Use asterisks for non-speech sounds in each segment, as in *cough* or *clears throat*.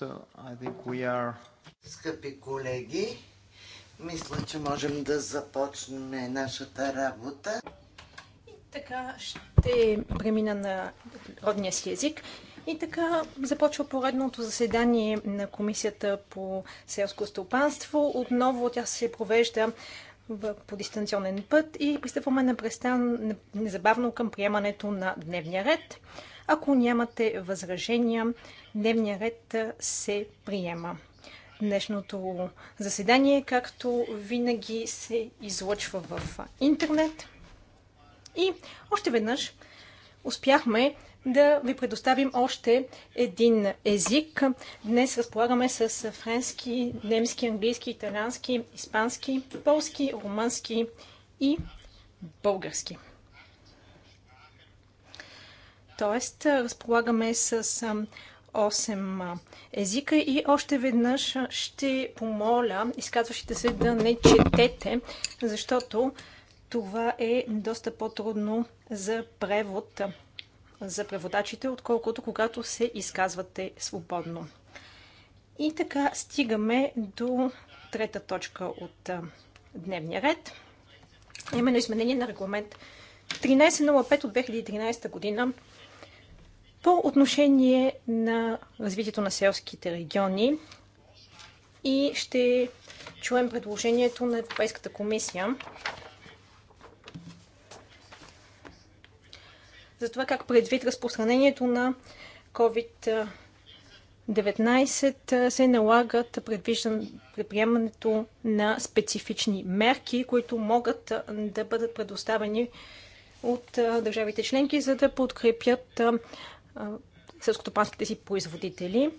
So I think we are... Скъпи колеги, мисля, че можем да започнем нашата работа. И така ще премина на родния си език. И така започва поредното заседание на Комисията по селско стопанство. Отново тя се провежда по дистанционен път и пристъпваме непрестан, незабавно към приемането на дневния ред. Ако нямате възражения, дневния ред се приема. Днешното заседание, както винаги, се излъчва в интернет. И още веднъж успяхме да ви предоставим още един език. Днес разполагаме с френски, немски, английски, италиански, испански, полски, румънски и български. Тоест, разполагаме с 8 езика и още веднъж ще помоля изказващите се да не четете, защото това е доста по-трудно за превод за преводачите, отколкото когато се изказвате свободно. И така стигаме до трета точка от дневния ред, именно изменение на регламент 1305 от 2013 година по отношение на развитието на селските региони и ще чуем предложението на Европейската комисия за това как предвид разпространението на COVID-19 се налагат предвиждан предприемането на специфични мерки, които могат да бъдат предоставени от държавите членки, за да подкрепят селскотопанските си производители.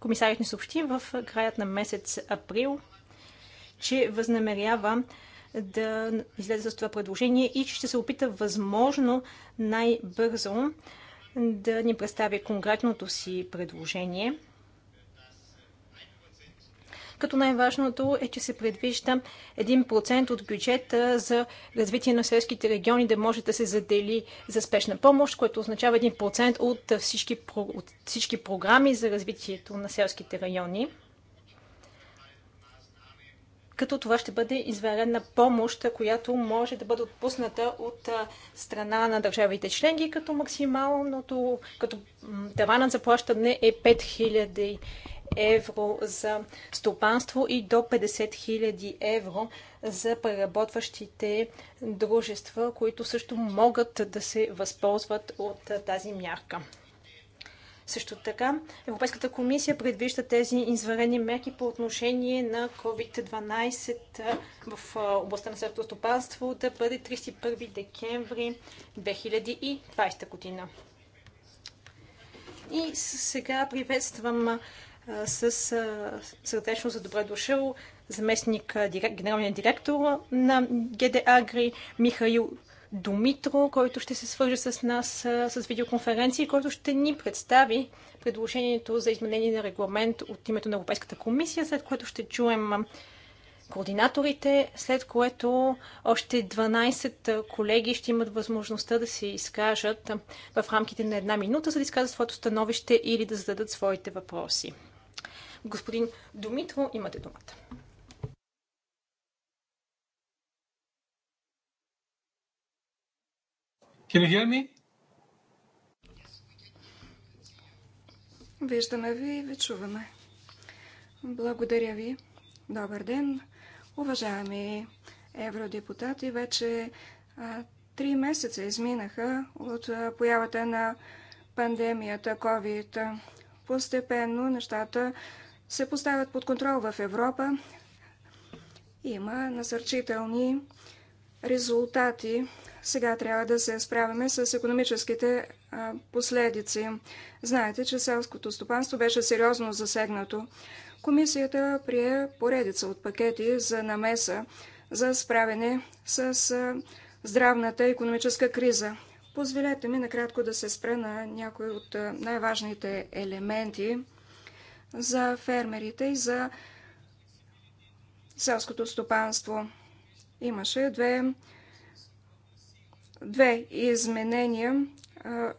Комисарят ни съобщи в краят на месец април, че възнамерява да излезе с това предложение и че ще се опита възможно най-бързо да ни представи конкретното си предложение като най-важното е, че се предвижда 1% от бюджета за развитие на селските региони да може да се задели за спешна помощ, което означава 1% от всички, от всички програми за развитието на селските райони като това ще бъде изварена помощ, която може да бъде отпусната от страна на държавите членки, като максималното, като таванът за плащане е 5000 евро за стопанство и до 50 000 евро за преработващите дружества, които също могат да се възползват от тази мярка. Също така, Европейската комисия предвижда тези извънредни мерки по отношение на COVID-12 в областта на селското стопанство да бъде 31 декември 2020 година. И сега приветствам с сърдечно за добре дошъл заместник генералния директор на ГД Агри Михаил Домитро, който ще се свържи с нас с видеоконференция и който ще ни представи предложението за изменение на регламент от името на Европейската комисия, след което ще чуем координаторите, след което още 12 колеги ще имат възможността да се изкажат в рамките на една минута, за да изказат своето становище или да зададат своите въпроси. Господин Домитро, имате думата. Can you hear me? Виждаме ви и ви чуваме. Благодаря ви. Добър ден, уважаеми евродепутати. Вече а, три месеца изминаха от а, появата на пандемията COVID. Постепенно нещата се поставят под контрол в Европа. Има насърчителни резултати. Сега трябва да се справяме с економическите последици. Знаете, че селското стопанство беше сериозно засегнато. Комисията прие поредица от пакети за намеса за справяне с здравната економическа криза. Позволете ми накратко да се спра на някои от най-важните елементи – за фермерите и за селското стопанство. Имаше две, две изменения,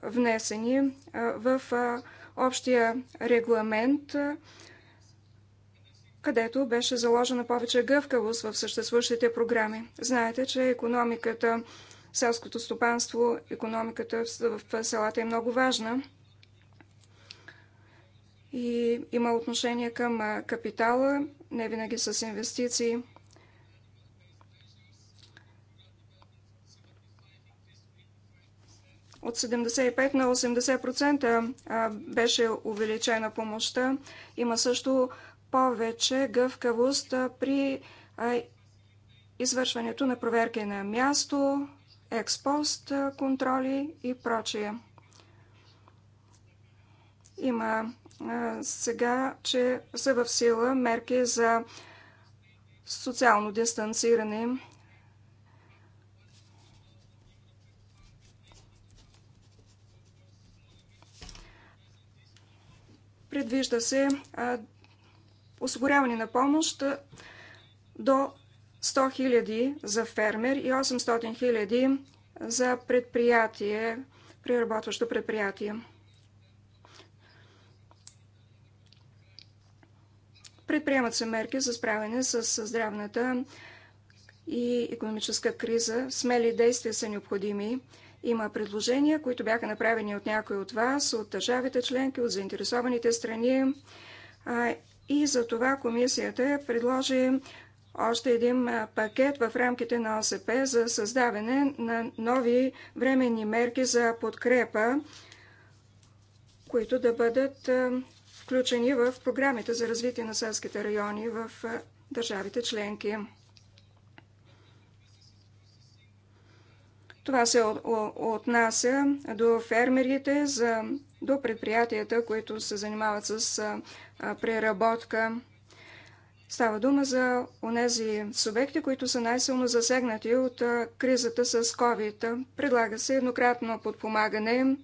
внесени в общия регламент, където беше заложена повече гъвкавост в съществуващите програми. Знаете, че економиката, селското стопанство, економиката в селата е много важна и има отношение към капитала, не винаги с инвестиции. От 75 на 80% беше увеличена помощта. Има също повече гъвкавост при извършването на проверки на място, експост контроли и прочие. Има сега, че са в сила мерки за социално дистанциране. Предвижда се осигуряване на помощ до 100 хиляди за фермер и 800 хиляди за предприятие, преработващо предприятие. Предприемат се мерки за справяне с здравната и економическа криза. Смели действия са необходими. Има предложения, които бяха направени от някои от вас, от държавите членки, от заинтересованите страни. И за това комисията предложи още един пакет в рамките на ОСП за създаване на нови временни мерки за подкрепа, които да бъдат включени в програмите за развитие на селските райони в държавите членки. Това се отнася до фермерите, до предприятията, които се занимават с преработка. Става дума за онези субекти, които са най-силно засегнати от кризата с COVID. Предлага се еднократно подпомагане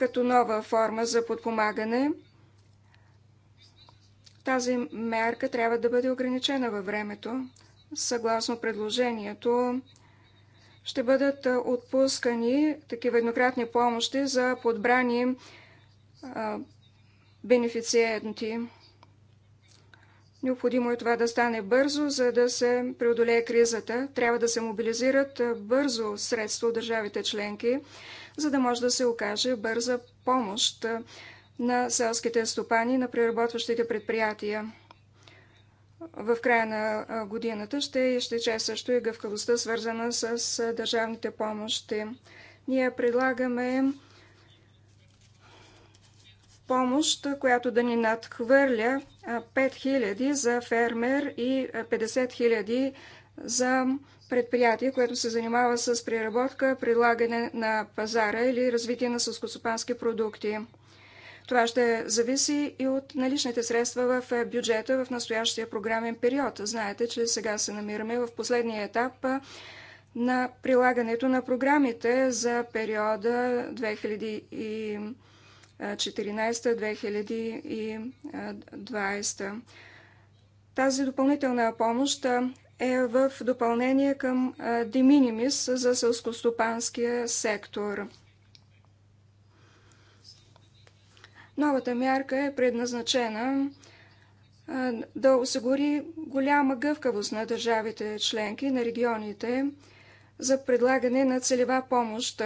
като нова форма за подпомагане. Тази мерка трябва да бъде ограничена във времето. Съгласно предложението, ще бъдат отпускани такива еднократни помощи за подбрани бенефициенти. Необходимо е това да стане бързо, за да се преодолее кризата. Трябва да се мобилизират бързо средства от държавите членки, за да може да се окаже бърза помощ на селските стопани, на преработващите предприятия. В края на годината ще изтече също и гъвкавостта, свързана с държавните помощи. Ние предлагаме помощ, която да ни надхвърля 5000 за фермер и 50 000 за предприятие, което се занимава с преработка, предлагане на пазара или развитие на съскосопански продукти. Това ще зависи и от наличните средства в бюджета в настоящия програмен период. Знаете, че сега се намираме в последния етап на прилагането на програмите за периода 2014-2020. Тази допълнителна помощ е в допълнение към деминимис за селскостопанския сектор. Новата мярка е предназначена да осигури голяма гъвкавост на държавите членки, на регионите за предлагане на целева помощ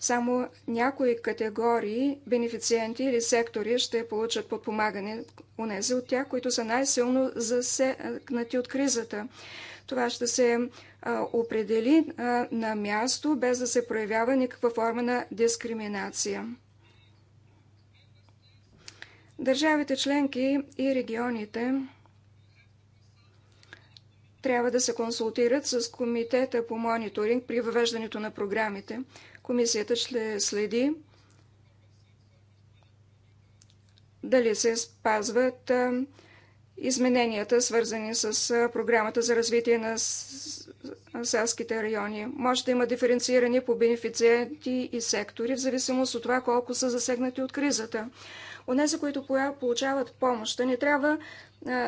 само някои категории бенефициенти или сектори ще получат подпомагане, унези от тях, които са най-силно засегнати от кризата. Това ще се определи на място, без да се проявява никаква форма на дискриминация. Държавите членки и регионите трябва да се консултират с Комитета по мониторинг при въвеждането на програмите. Комисията ще следи дали се спазват измененията, свързани с програмата за развитие на селските райони. Може да има диференциране по бенефициенти и сектори, в зависимост от това колко са засегнати от кризата. Онези, които получават помощ, не трябва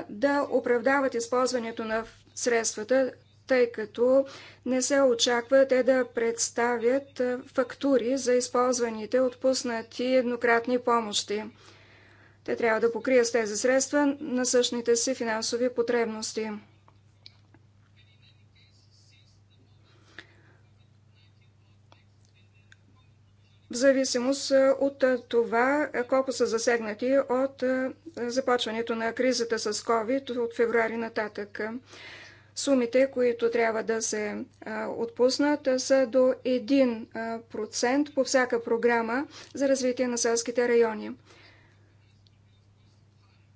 да оправдават използването на средствата, тъй като не се очаква те да представят фактури за използваните отпуснати еднократни помощи. Те трябва да покрият с тези средства на същните си финансови потребности. в зависимост от това колко са засегнати от започването на кризата с COVID от февруари нататък. Сумите, които трябва да се отпуснат, са до 1% по всяка програма за развитие на селските райони.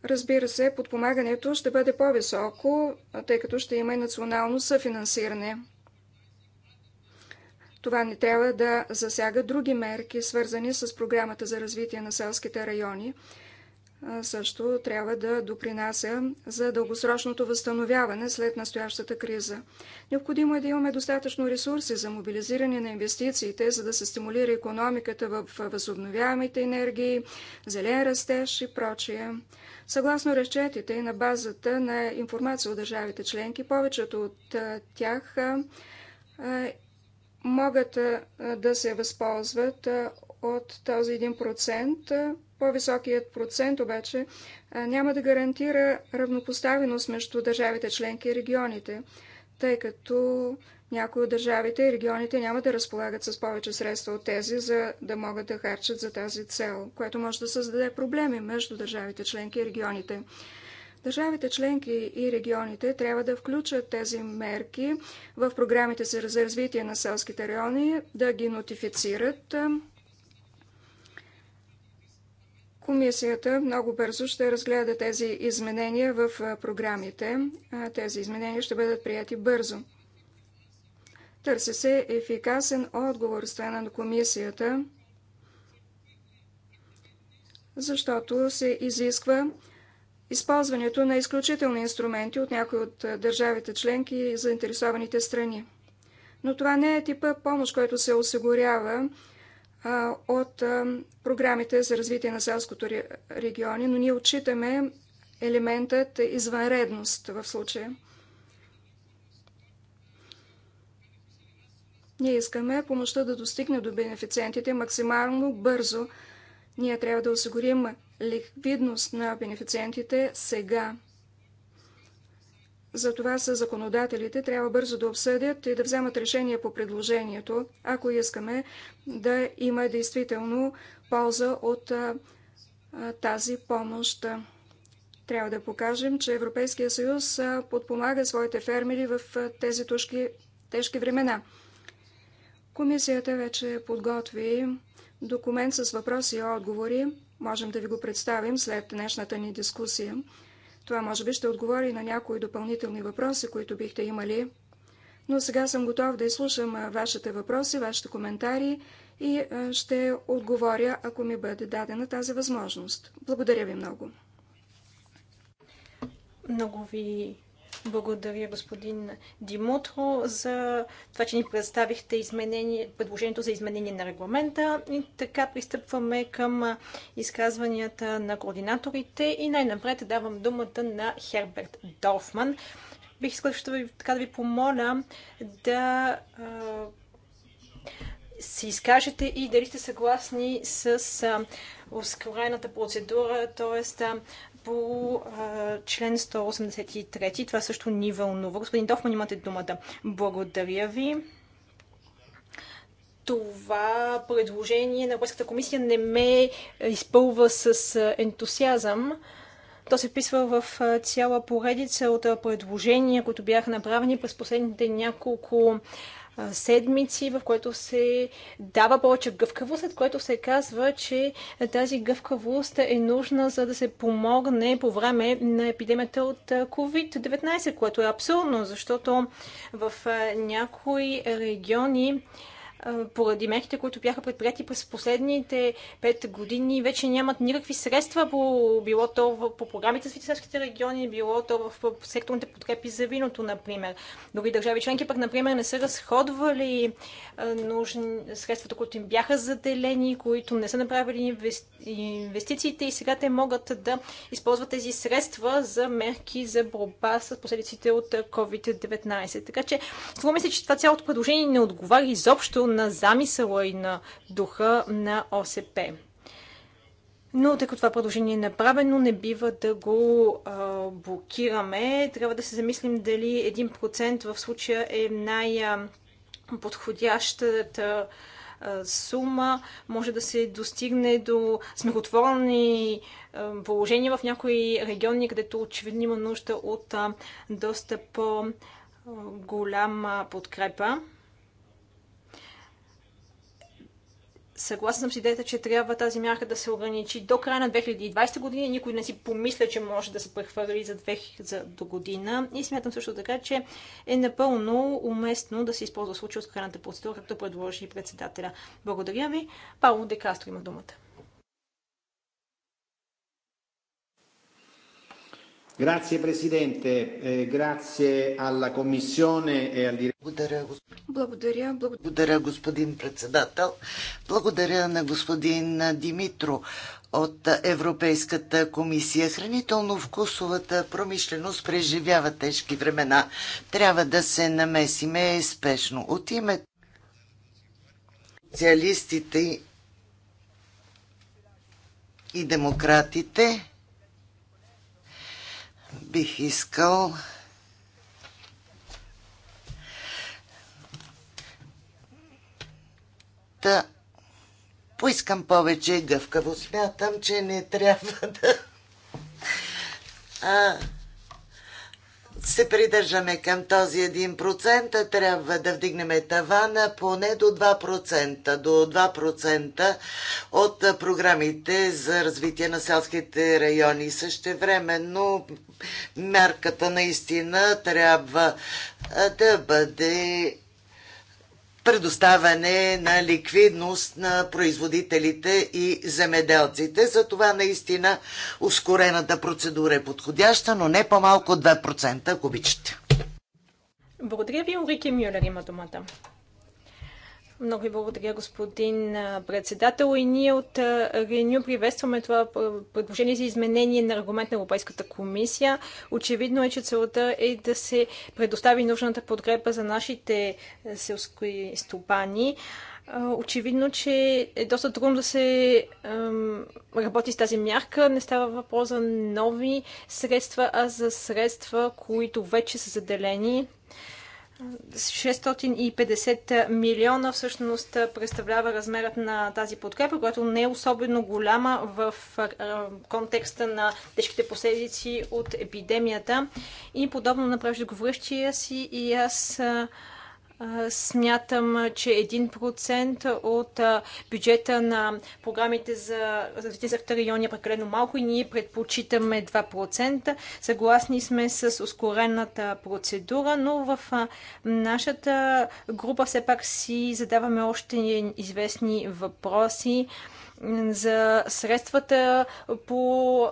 Разбира се, подпомагането ще бъде по-високо, тъй като ще има и национално съфинансиране. Това не трябва да засяга други мерки, свързани с програмата за развитие на селските райони също трябва да допринася за дългосрочното възстановяване след настоящата криза. Необходимо е да имаме достатъчно ресурси за мобилизиране на инвестициите, за да се стимулира економиката в възобновяемите енергии, зелен растеж и прочие. Съгласно разчетите и на базата на информация от държавите членки, повечето от тях могат да се възползват от този 1% по-високият процент обаче няма да гарантира равнопоставеност между държавите членки и регионите, тъй като някои от държавите и регионите няма да разполагат с повече средства от тези, за да могат да харчат за тази цел, което може да създаде проблеми между държавите членки и регионите. Държавите членки и регионите трябва да включат тези мерки в програмите си за развитие на селските райони, да ги нотифицират Комисията много бързо ще разгледа тези изменения в програмите. Тези изменения ще бъдат прияти бързо. Търси се ефикасен отговор от страна на комисията, защото се изисква използването на изключителни инструменти от някои от държавите членки и заинтересованите страни. Но това не е типа помощ, който се осигурява от програмите за развитие на селското региони, но ние отчитаме елементът извънредност в случая. Ние искаме помощта да достигне до бенефициентите максимално бързо. Ние трябва да осигурим ликвидност на бенефициентите сега. Затова са законодателите трябва бързо да обсъдят и да вземат решение по предложението, ако искаме да има действително полза от а, а, тази помощ. Трябва да покажем, че Европейския съюз подпомага своите фермери в тези тушки, тежки времена. Комисията вече подготви документ с въпроси и отговори. Можем да ви го представим след днешната ни дискусия. Това може би ще отговори на някои допълнителни въпроси, които бихте имали. Но сега съм готов да изслушам вашите въпроси, вашите коментари и ще отговоря, ако ми бъде дадена тази възможност. Благодаря ви много. Много ви благодаря, господин Димутро, за това, че ни представихте предложението за изменение на регламента. И така пристъпваме към изказванията на координаторите и най-напред давам думата на Херберт Дорфман. Бих искал да ви, така да ви помоля да се изкажете и дали сте съгласни с ускорената процедура, т.е по а, член 183. Това също ни вълнува. Господин Дофман, имате думата. Благодаря ви. Това предложение на Европейската комисия не ме изпълва с ентусиазъм. То се вписва в цяла поредица от предложения, които бяха направени през последните няколко седмици, в което се дава повече гъвкавост, след което се казва, че тази гъвкавост е нужна за да се помогне по време на епидемията от COVID-19, което е абсурдно, защото в някои региони поради мерките, които бяха предприяти през последните пет години, вече нямат никакви средства по, било то в, по програмите за селските региони, било то в, в секторните подкрепи за виното, например. Други държави членки пък, например, не са разходвали нужни средствата, които им бяха заделени, които не са направили инвести... инвестициите и сега те могат да използват тези средства за мерки за борба с последиците от COVID-19. Така че, струва ми се, че това цялото предложение не отговаря изобщо посветил на замисъла и на духа на ОСП. Но тъй като това предложение е направено, не бива да го а, блокираме. Трябва да се замислим дали 1% в случая е най-подходящата сума. Може да се достигне до смехотворни положения в някои региони, където очевидно има нужда от а, доста по-голяма подкрепа. Съгласен съм с идеята, че трябва тази мярка да се ограничи до края на 2020 година. Никой не си помисля, че може да се прехвърли за, 2000 за до година. И смятам също така, че е напълно уместно да се използва случай от крайната процедура, както предложи и председателя. Благодаря ви. Павло Декастро има думата. Grazie, Presidente. Eh, grazie alla Commissione e al Благодаря, благодаря, благодаря, господин председател. Благодаря на господин Димитро от Европейската комисия. Хранително-вкусовата промишленост преживява тежки времена. Трябва да се намесиме спешно. От името социалистите и демократите бих искал да поискам повече гъвкаво. Смятам, че не трябва *laughs* да а, се придържаме към този 1%, трябва да вдигнем тавана поне до 2%, до 2% от програмите за развитие на селските райони. но мярката наистина трябва да бъде предоставяне на ликвидност на производителите и земеделците. За това наистина ускорената процедура е подходяща, но не по-малко 2%, ако обичате. Благодаря ви, Урики Мюлер има думата. Много ви благодаря, господин председател. И ние от Реню приветстваме това предложение за изменение на аргумент на Европейската комисия. Очевидно е, че целта е да се предостави нужната подкрепа за нашите е, селски стопани. Очевидно, че е доста трудно да се ем, работи с тази мярка. Не става въпрос за нови средства, а за средства, които вече са заделени. 650 милиона всъщност представлява размерът на тази подкрепа, която не е особено голяма в контекста на тежките последици от епидемията. И подобно на преждеговорящия си и аз Смятам, че 1% от бюджета на програмите за развитие за райони е прекалено малко и ние предпочитаме 2%. Съгласни сме с ускорената процедура, но в нашата група все пак си задаваме още известни въпроси за средствата по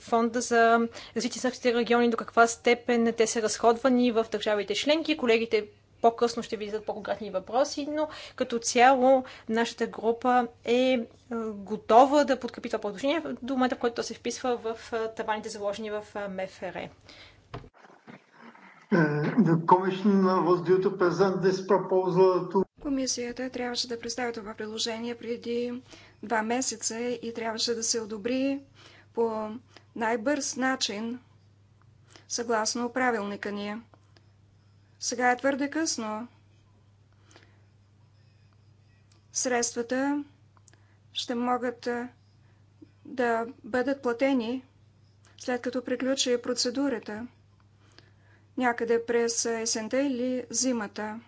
фонда за развитие на региони, до каква степен те са разходвани в държавите членки. Колегите по-късно ще ви по-конкретни въпроси, но като цяло нашата група е, е готова да подкрепи това предложение до момента, в който то се вписва в е, таваните заложени в е, МФР. Комисията трябваше да представи това приложение преди два месеца и трябваше да се одобри по най-бърз начин, съгласно правилника ни. Сега е твърде късно. Средствата ще могат да бъдат платени след като приключи процедурата, някъде през есента или зимата.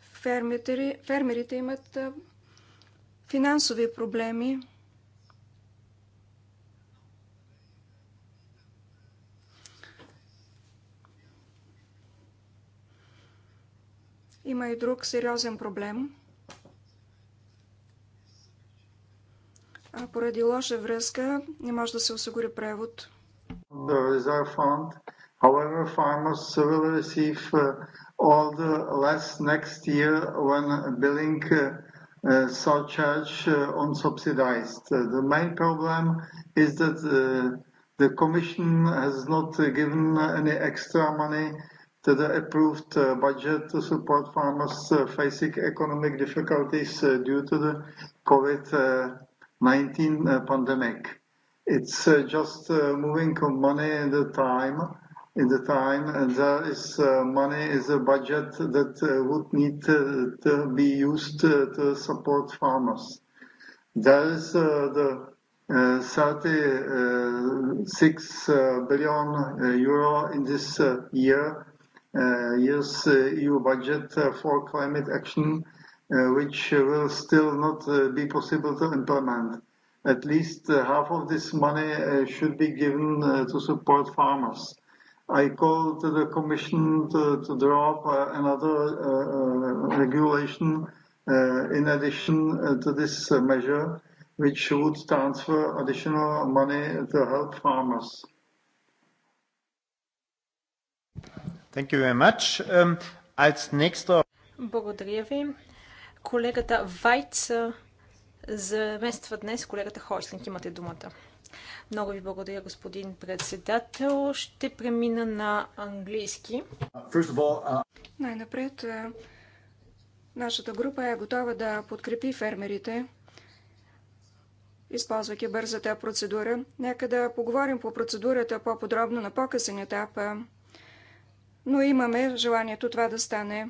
Фермерите, фермерите имат финансови проблеми. Има и друг сериозен проблем. А поради лоша връзка не може да се осигури превод. However, farmers will receive all the less next year when billing uh, surcharge uh, on subsidized. the main problem is that uh, the Commission has not given any extra money to the approved uh budget to support farmers facing economic difficulties uh due to the COVID-19 pandemic. It's uh just uh moving money in the time, in the time and there is uh money is a budget that uh would need to be used to support farmers. There is uh the uh 36 billion euro in this uh year uh year's EU budget uh for climate action, uh which will still not be possible to implement. At least half of this money uh should be given to support farmers. I call to the Commission to, to draw up another regulation uh in addition to this measure, which would transfer additional money to help farmers. Thank you very much. Um, als nächster... Благодаря ви. Колегата Вайц замества днес колегата Хойслинг. Имате думата. Много ви благодаря, господин председател. Ще премина на английски. Uh... Най-напред, нашата група е готова да подкрепи фермерите, използвайки бързата процедура. Нека да поговорим по процедурата по-подробно на по-късен етап но имаме желанието това да стане.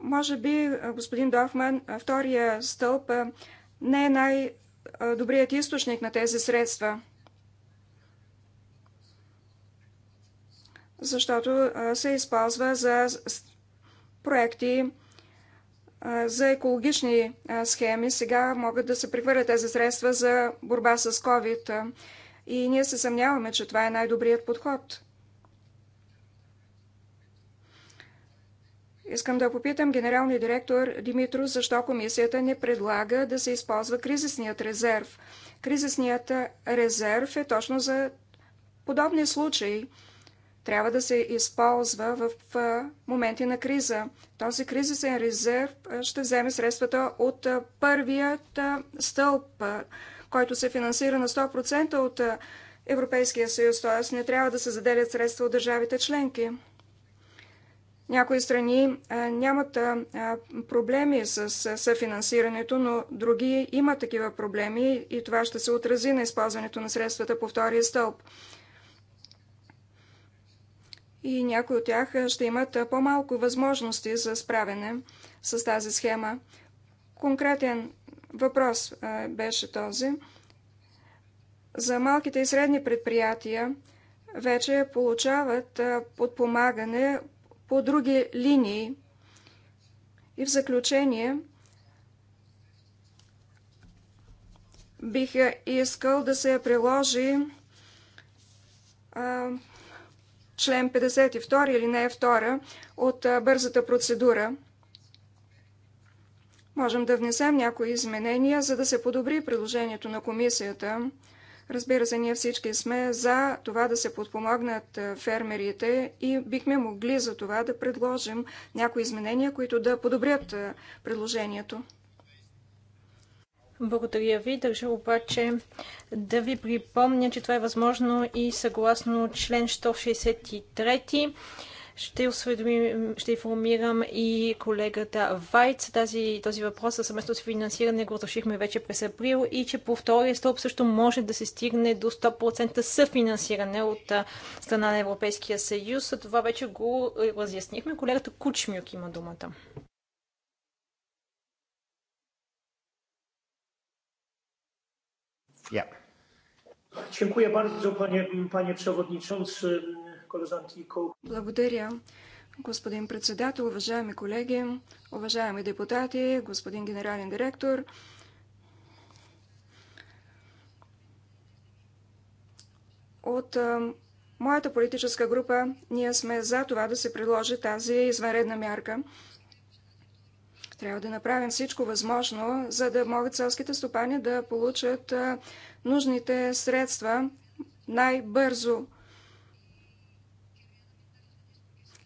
Може би, господин Дофман, втория стълб не е най-добрият източник на тези средства. Защото се използва за проекти за екологични схеми. Сега могат да се прехвърлят тези средства за борба с COVID. И ние се съмняваме, че това е най-добрият подход. Искам да попитам генералния директор Димитро, защо комисията не предлага да се използва кризисният резерв. Кризисният резерв е точно за подобни случаи. Трябва да се използва в моменти на криза. Този кризисен резерв ще вземе средствата от първият стълб който се финансира на 100% от Европейския съюз, т.е. не трябва да се заделят средства от държавите членки. Някои страни нямат проблеми с съфинансирането, но други имат такива проблеми и това ще се отрази на използването на средствата по втория стълб. И някои от тях ще имат по-малко възможности за справяне с тази схема. Конкретен Въпрос беше този. За малките и средни предприятия вече получават подпомагане по други линии. И в заключение бих искал да се приложи член 52 или не 2 е от бързата процедура – Можем да внесем някои изменения, за да се подобри приложението на комисията. Разбира се, ние всички сме за това да се подпомогнат е, фермерите и бихме могли за това да предложим някои изменения, които да подобрят е, предложението. Благодаря ви. Държа обаче да ви припомня, че това е възможно и съгласно член 163 ще, осведомим, ще информирам и колегата Вайц. Тази, този въпрос за с финансиране го разрушихме вече през април и че по втория стълб също може да се стигне до 100% съфинансиране от страна на Европейския съюз. Това вече го е, разяснихме. Колегата Кучмюк има думата. Yeah. Dziękuję bardzo, panie, panie przewodniczący. Благодаря. Господин председател, уважаеми колеги, уважаеми депутати, господин генерален директор, от а, моята политическа група ние сме за това да се предложи тази извънредна мярка. Трябва да направим всичко възможно, за да могат селските стопани да получат а, нужните средства най-бързо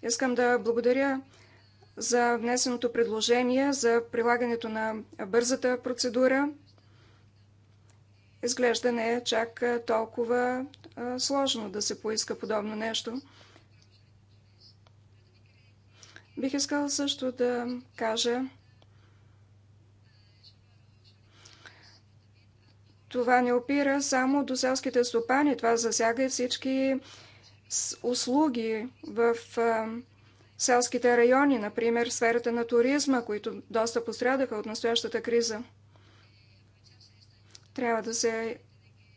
Искам да благодаря за внесеното предложение за прилагането на бързата процедура. Изглежда не е чак толкова сложно да се поиска подобно нещо. Бих искал също да кажа, това не опира само до селските стопани, това засяга и всички услуги в селските райони, например в сферата на туризма, които доста пострадаха от настоящата криза. Трябва да, се,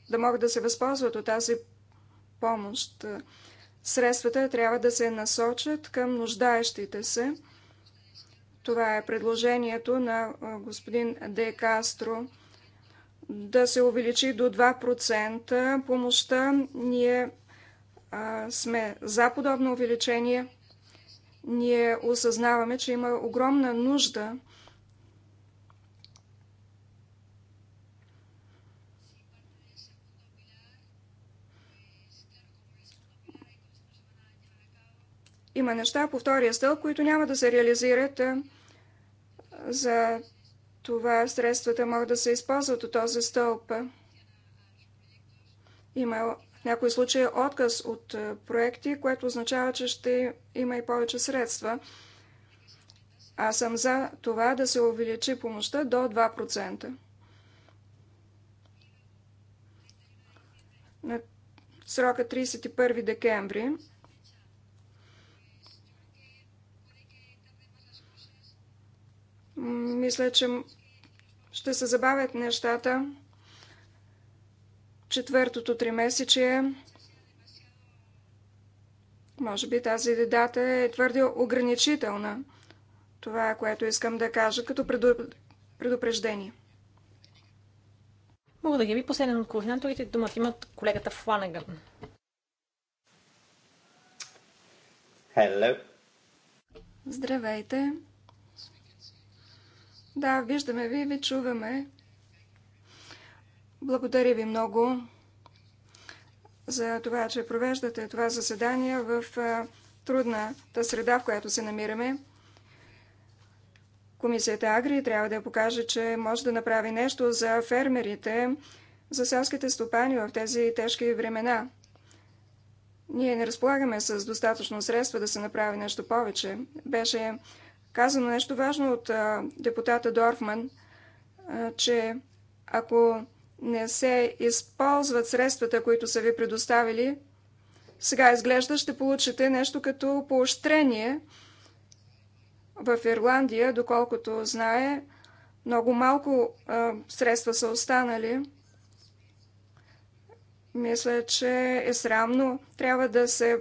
да могат да се възползват от тази помощ. Средствата трябва да се насочат към нуждаещите се. Това е предложението на господин Де Кастро да се увеличи до 2% помощта. Ние сме за подобно увеличение. Ние осъзнаваме, че има огромна нужда Има неща по втория стълб, които няма да се реализират. За това средствата могат да се използват от този стълб. Има някои случаи е отказ от е, проекти, което означава, че ще има и повече средства. Аз съм за това да се увеличи помощта до 2%. На срока 31 декември мисля, че ще се забавят нещата четвъртото тримесечие. Може би тази дата е твърде ограничителна. Това е което искам да кажа като предупреждение. Мога да ги ви. Последен от координаторите думата имат колегата Фланеган. Hello. Здравейте. Да, виждаме ви, ви чуваме. Благодаря ви много за това, че провеждате това заседание в трудната среда, в която се намираме. Комисията Агри трябва да покаже, че може да направи нещо за фермерите, за селските стопани в тези тежки времена. Ние не разполагаме с достатъчно средства да се направи нещо повече. Беше казано нещо важно от депутата Дорфман, че ако не се използват средствата, които са ви предоставили, сега изглежда ще получите нещо като поощрение. В Ирландия, доколкото знае, много малко а, средства са останали. Мисля, че е срамно. Трябва да се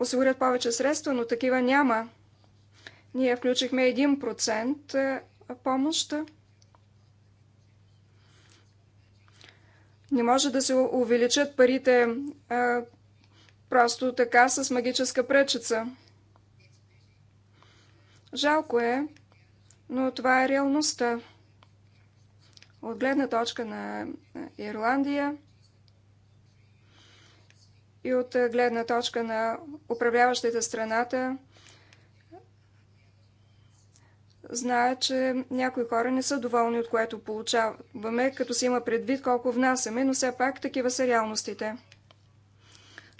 осигурят повече средства, но такива няма. Ние включихме 1% помощ. Не може да се увеличат парите а, просто така с магическа пречица. Жалко е, но това е реалността. От гледна точка на Ирландия и от гледна точка на управляващите страната, зная, че някои хора не са доволни от което получаваме, като се има предвид колко внасяме, но все пак такива са реалностите.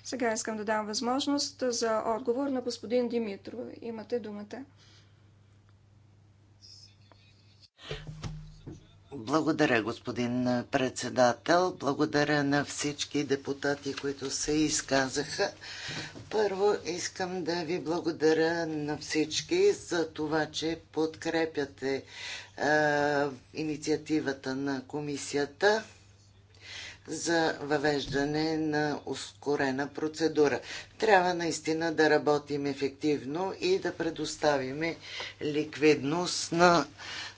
Сега искам да дам възможност за отговор на господин Димитро. Имате думата. Благодаря, господин председател. Благодаря на всички депутати, които се изказаха. Първо искам да ви благодаря на всички за това, че подкрепяте е, инициативата на комисията за въвеждане на ускорена процедура. Трябва наистина да работим ефективно и да предоставим ликвидност на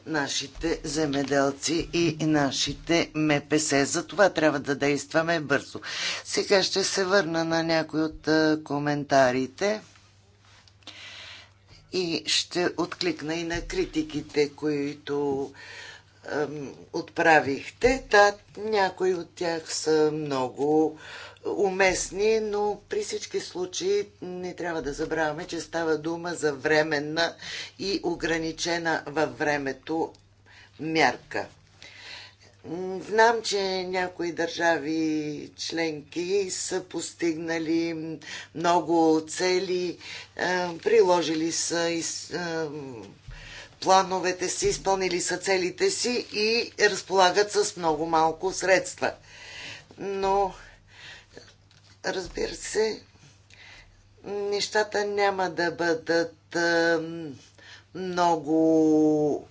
нашите земеделци и нашите МПС. За това трябва да действаме бързо. Сега ще се върна на някои от коментарите и ще откликна и на критиките, които отправихте. Та, някои от тях са много уместни, но при всички случаи не трябва да забравяме, че става дума за временна и ограничена във времето мярка. Знам, че някои държави членки са постигнали много цели, е, приложили са е, плановете си, изпълнили са целите си и разполагат с много малко средства. Но Разбира се, нещата няма да бъдат много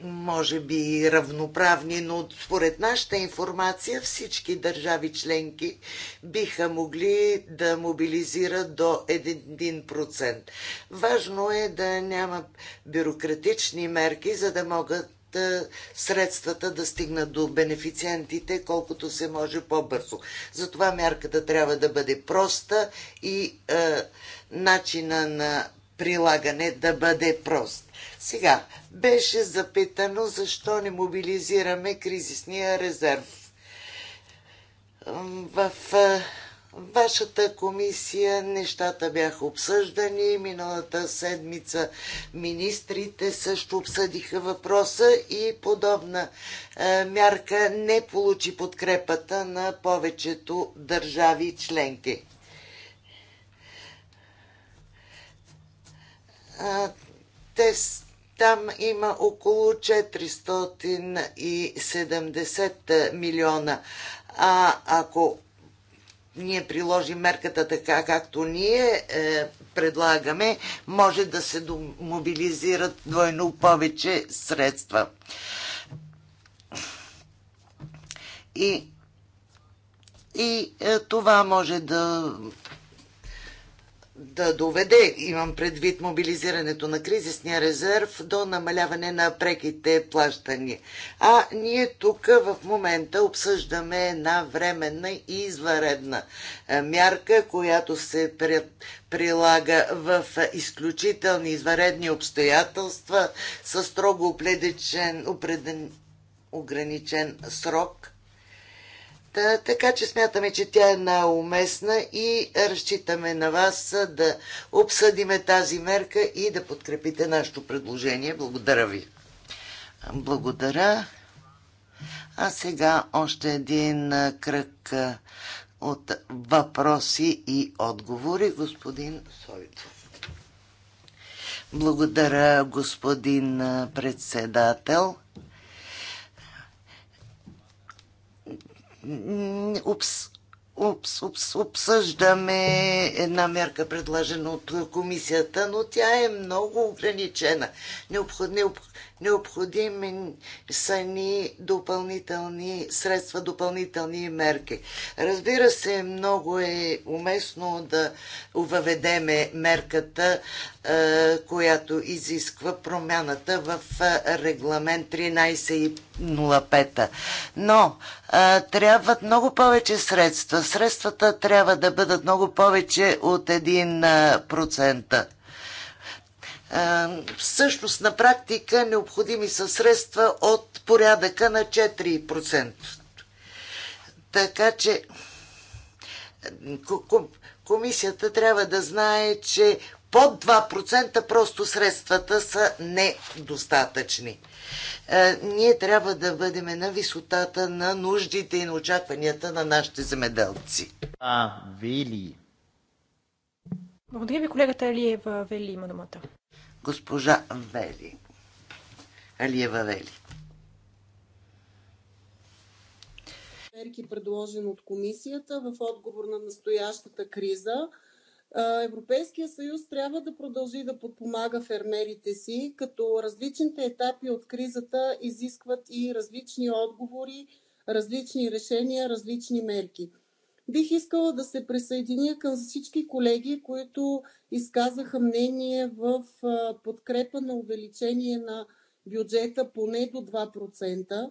може би равноправни, но според нашата информация всички държави членки биха могли да мобилизират до 1%. Важно е да няма бюрократични мерки, за да могат е, средствата да стигнат до бенефициентите колкото се може по-бързо. Затова мярката трябва да бъде проста и е, начина на прилагане да бъде прост. Сега, беше запитано защо не мобилизираме кризисния резерв. В е, вашата комисия нещата бяха обсъждани. Миналата седмица министрите също обсъдиха въпроса и подобна е, мярка не получи подкрепата на повечето държави членки. те там има около 470 милиона. А ако ние приложим мерката така, както ние е, предлагаме, може да се мобилизират двойно повече средства. И, и е, това може да да доведе, имам предвид мобилизирането на кризисния резерв, до намаляване на преките плащания. А ние тук в момента обсъждаме една временна и изваредна е, мярка, която се прилага в изключителни изваредни обстоятелства с строго определен ограничен срок – Та, така че смятаме, че тя е най-уместна и разчитаме на вас да обсъдиме тази мерка и да подкрепите нашето предложение. Благодаря ви. Благодаря. А сега още един кръг от въпроси и отговори, господин Сойдов. Благодаря, господин председател. Упс. Упс, упс, обсъждаме една мерка, предложена от комисията, но тя е много ограничена. Необход, необ, Необходими са ни допълнителни средства, допълнителни мерки. Разбира се, много е уместно да въведеме мерката, е, която изисква промяната в е, регламент 1305. Но е, трябват много повече средства. Средствата трябва да бъдат много повече от 1%. Е, всъщност на практика необходими са средства от порядъка на 4%. Така че комисията трябва да знае, че под 2% просто средствата са недостатъчни. Е, ние трябва да бъдем на висотата на нуждите и на очакванията на нашите земеделци. А, Вили. Благодаря ви, колегата Алиева. Вели има думата госпожа Вели. Алиева Вели. мерки, предложен от комисията в отговор на настоящата криза. Европейския съюз трябва да продължи да подпомага фермерите си, като различните етапи от кризата изискват и различни отговори, различни решения, различни мерки. Бих искала да се присъединя към всички колеги, които изказаха мнение в подкрепа на увеличение на бюджета поне до 2%,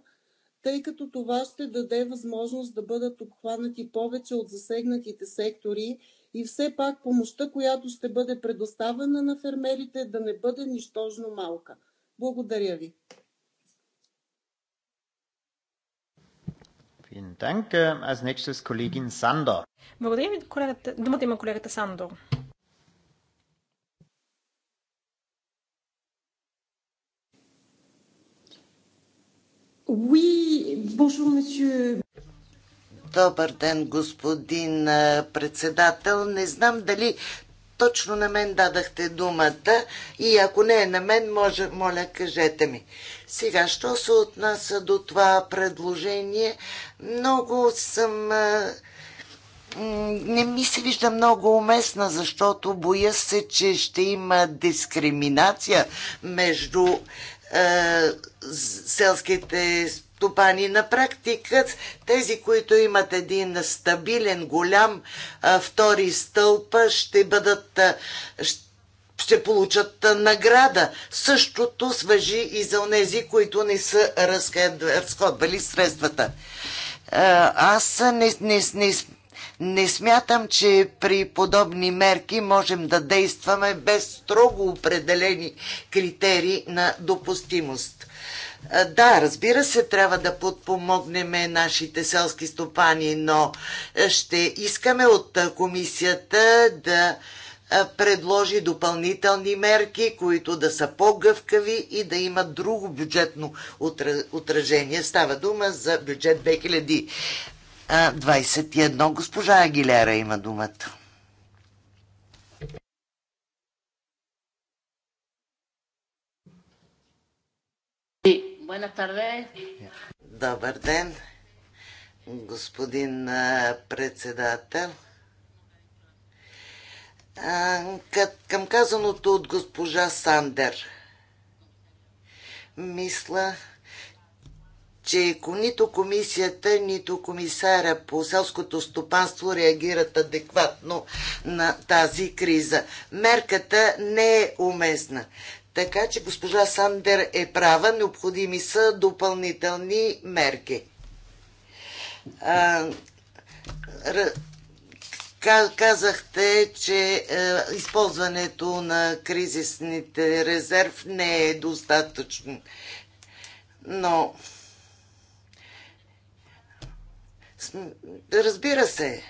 тъй като това ще даде възможност да бъдат обхванати повече от засегнатите сектори и все пак помощта, която ще бъде предоставена на фермерите, да не бъде нищожно малка. Благодаря ви. Äh, Благодаря ви, колегата. Думата има колегата Сандо. Уи, bonjour, monsieur. Добър ден, господин председател. Не знам дали точно на мен дадахте думата и ако не е на мен, може, моля, кажете ми. Сега, що се отнася до това предложение, много съм... Не ми се вижда много уместна, защото боя се, че ще има дискриминация между е, селските стопани. На практика тези, които имат един стабилен, голям а, втори стълб, ще бъдат а, ще получат награда. Същото свъжи и за онези, които не са разходвали средствата. аз не, не, не, не смятам, че при подобни мерки можем да действаме без строго определени критерии на допустимост. Да, разбира се, трябва да подпомогнем нашите селски стопани, но ще искаме от комисията да предложи допълнителни мерки, които да са по-гъвкави и да имат друго бюджетно отражение. Става дума за бюджет 2021. Госпожа Агилера има думата. Buenas tardes. Добър ден, господин председател. Към казаното от госпожа Сандер, мисля, че нито комисията, нито комисара по селското стопанство реагират адекватно на тази криза. Мерката не е уместна. Така че госпожа Сандер е права, необходими са допълнителни мерки. А, казахте, че е, използването на кризисните резерв не е достатъчно. Но разбира се,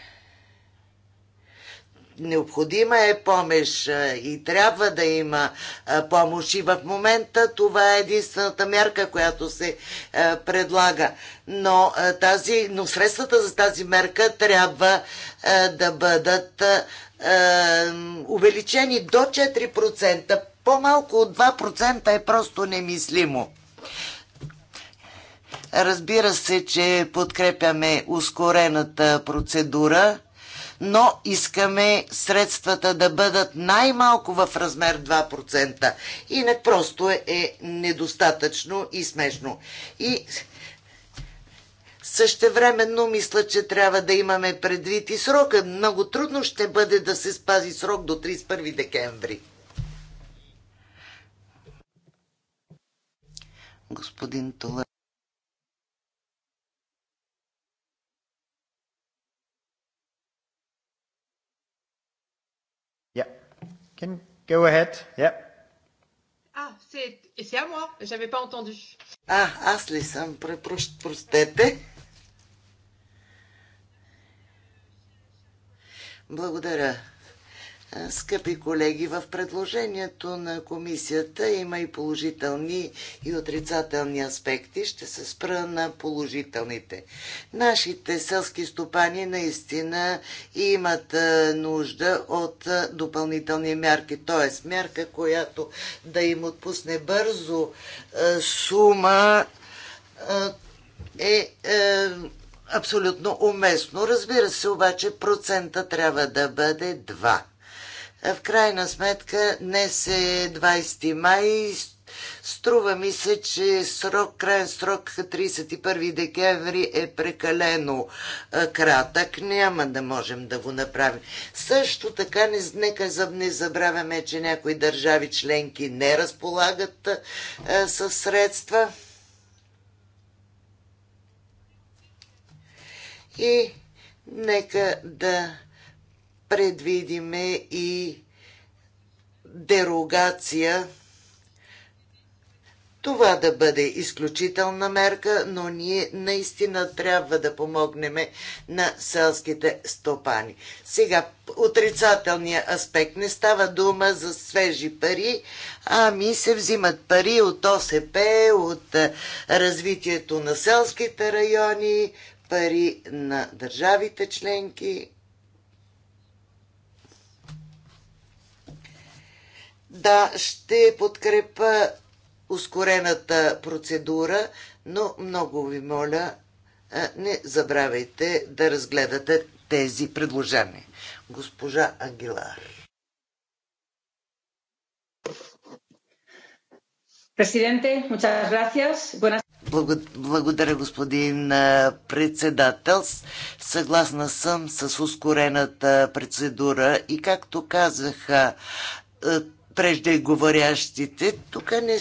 необходима е помощ и трябва да има помощ. И в момента това е единствената мярка, която се предлага. Но, тази, но средствата за тази мерка трябва да бъдат увеличени до 4%. По-малко от 2% е просто немислимо. Разбира се, че подкрепяме ускорената процедура но искаме средствата да бъдат най-малко в размер 2%. И не просто е, е недостатъчно и смешно. И Същевременно мисля, че трябва да имаме предвид и срока. Много трудно ще бъде да се спази срок до 31 декември. Господин Толер. can go ahead. Yeah. Ah, c'est, c'est à moi. J'avais pas entendu. А, аз ли съм? Простете. Благодаря. Скъпи колеги, в предложението на комисията има и положителни и отрицателни аспекти. Ще се спра на положителните. Нашите селски стопани наистина имат нужда от допълнителни мерки, т.е. мярка, която да им отпусне бързо сума е, е абсолютно уместно. Разбира се, обаче процента трябва да бъде 2. В крайна сметка днес е 20 май. Струва ми се, че срок, крайен срок 31 декември е прекалено кратък. Няма да можем да го направим. Също така, не, нека не забравяме, че някои държави членки не разполагат а, със средства. И нека да предвидиме и дерогация това да бъде изключителна мерка, но ние наистина трябва да помогнем на селските стопани. Сега, отрицателният аспект. Не става дума за свежи пари, ами се взимат пари от ОСП, от развитието на селските райони, пари на държавите членки. Да, ще подкрепа ускорената процедура, но много ви моля, не забравяйте да разгледате тези предложения. Госпожа Агилар. Президенте, muchas gracias. Buenas... Благодаря, господин председател. Съгласна съм с ускорената процедура и както казаха преждеговорящите. Тук не,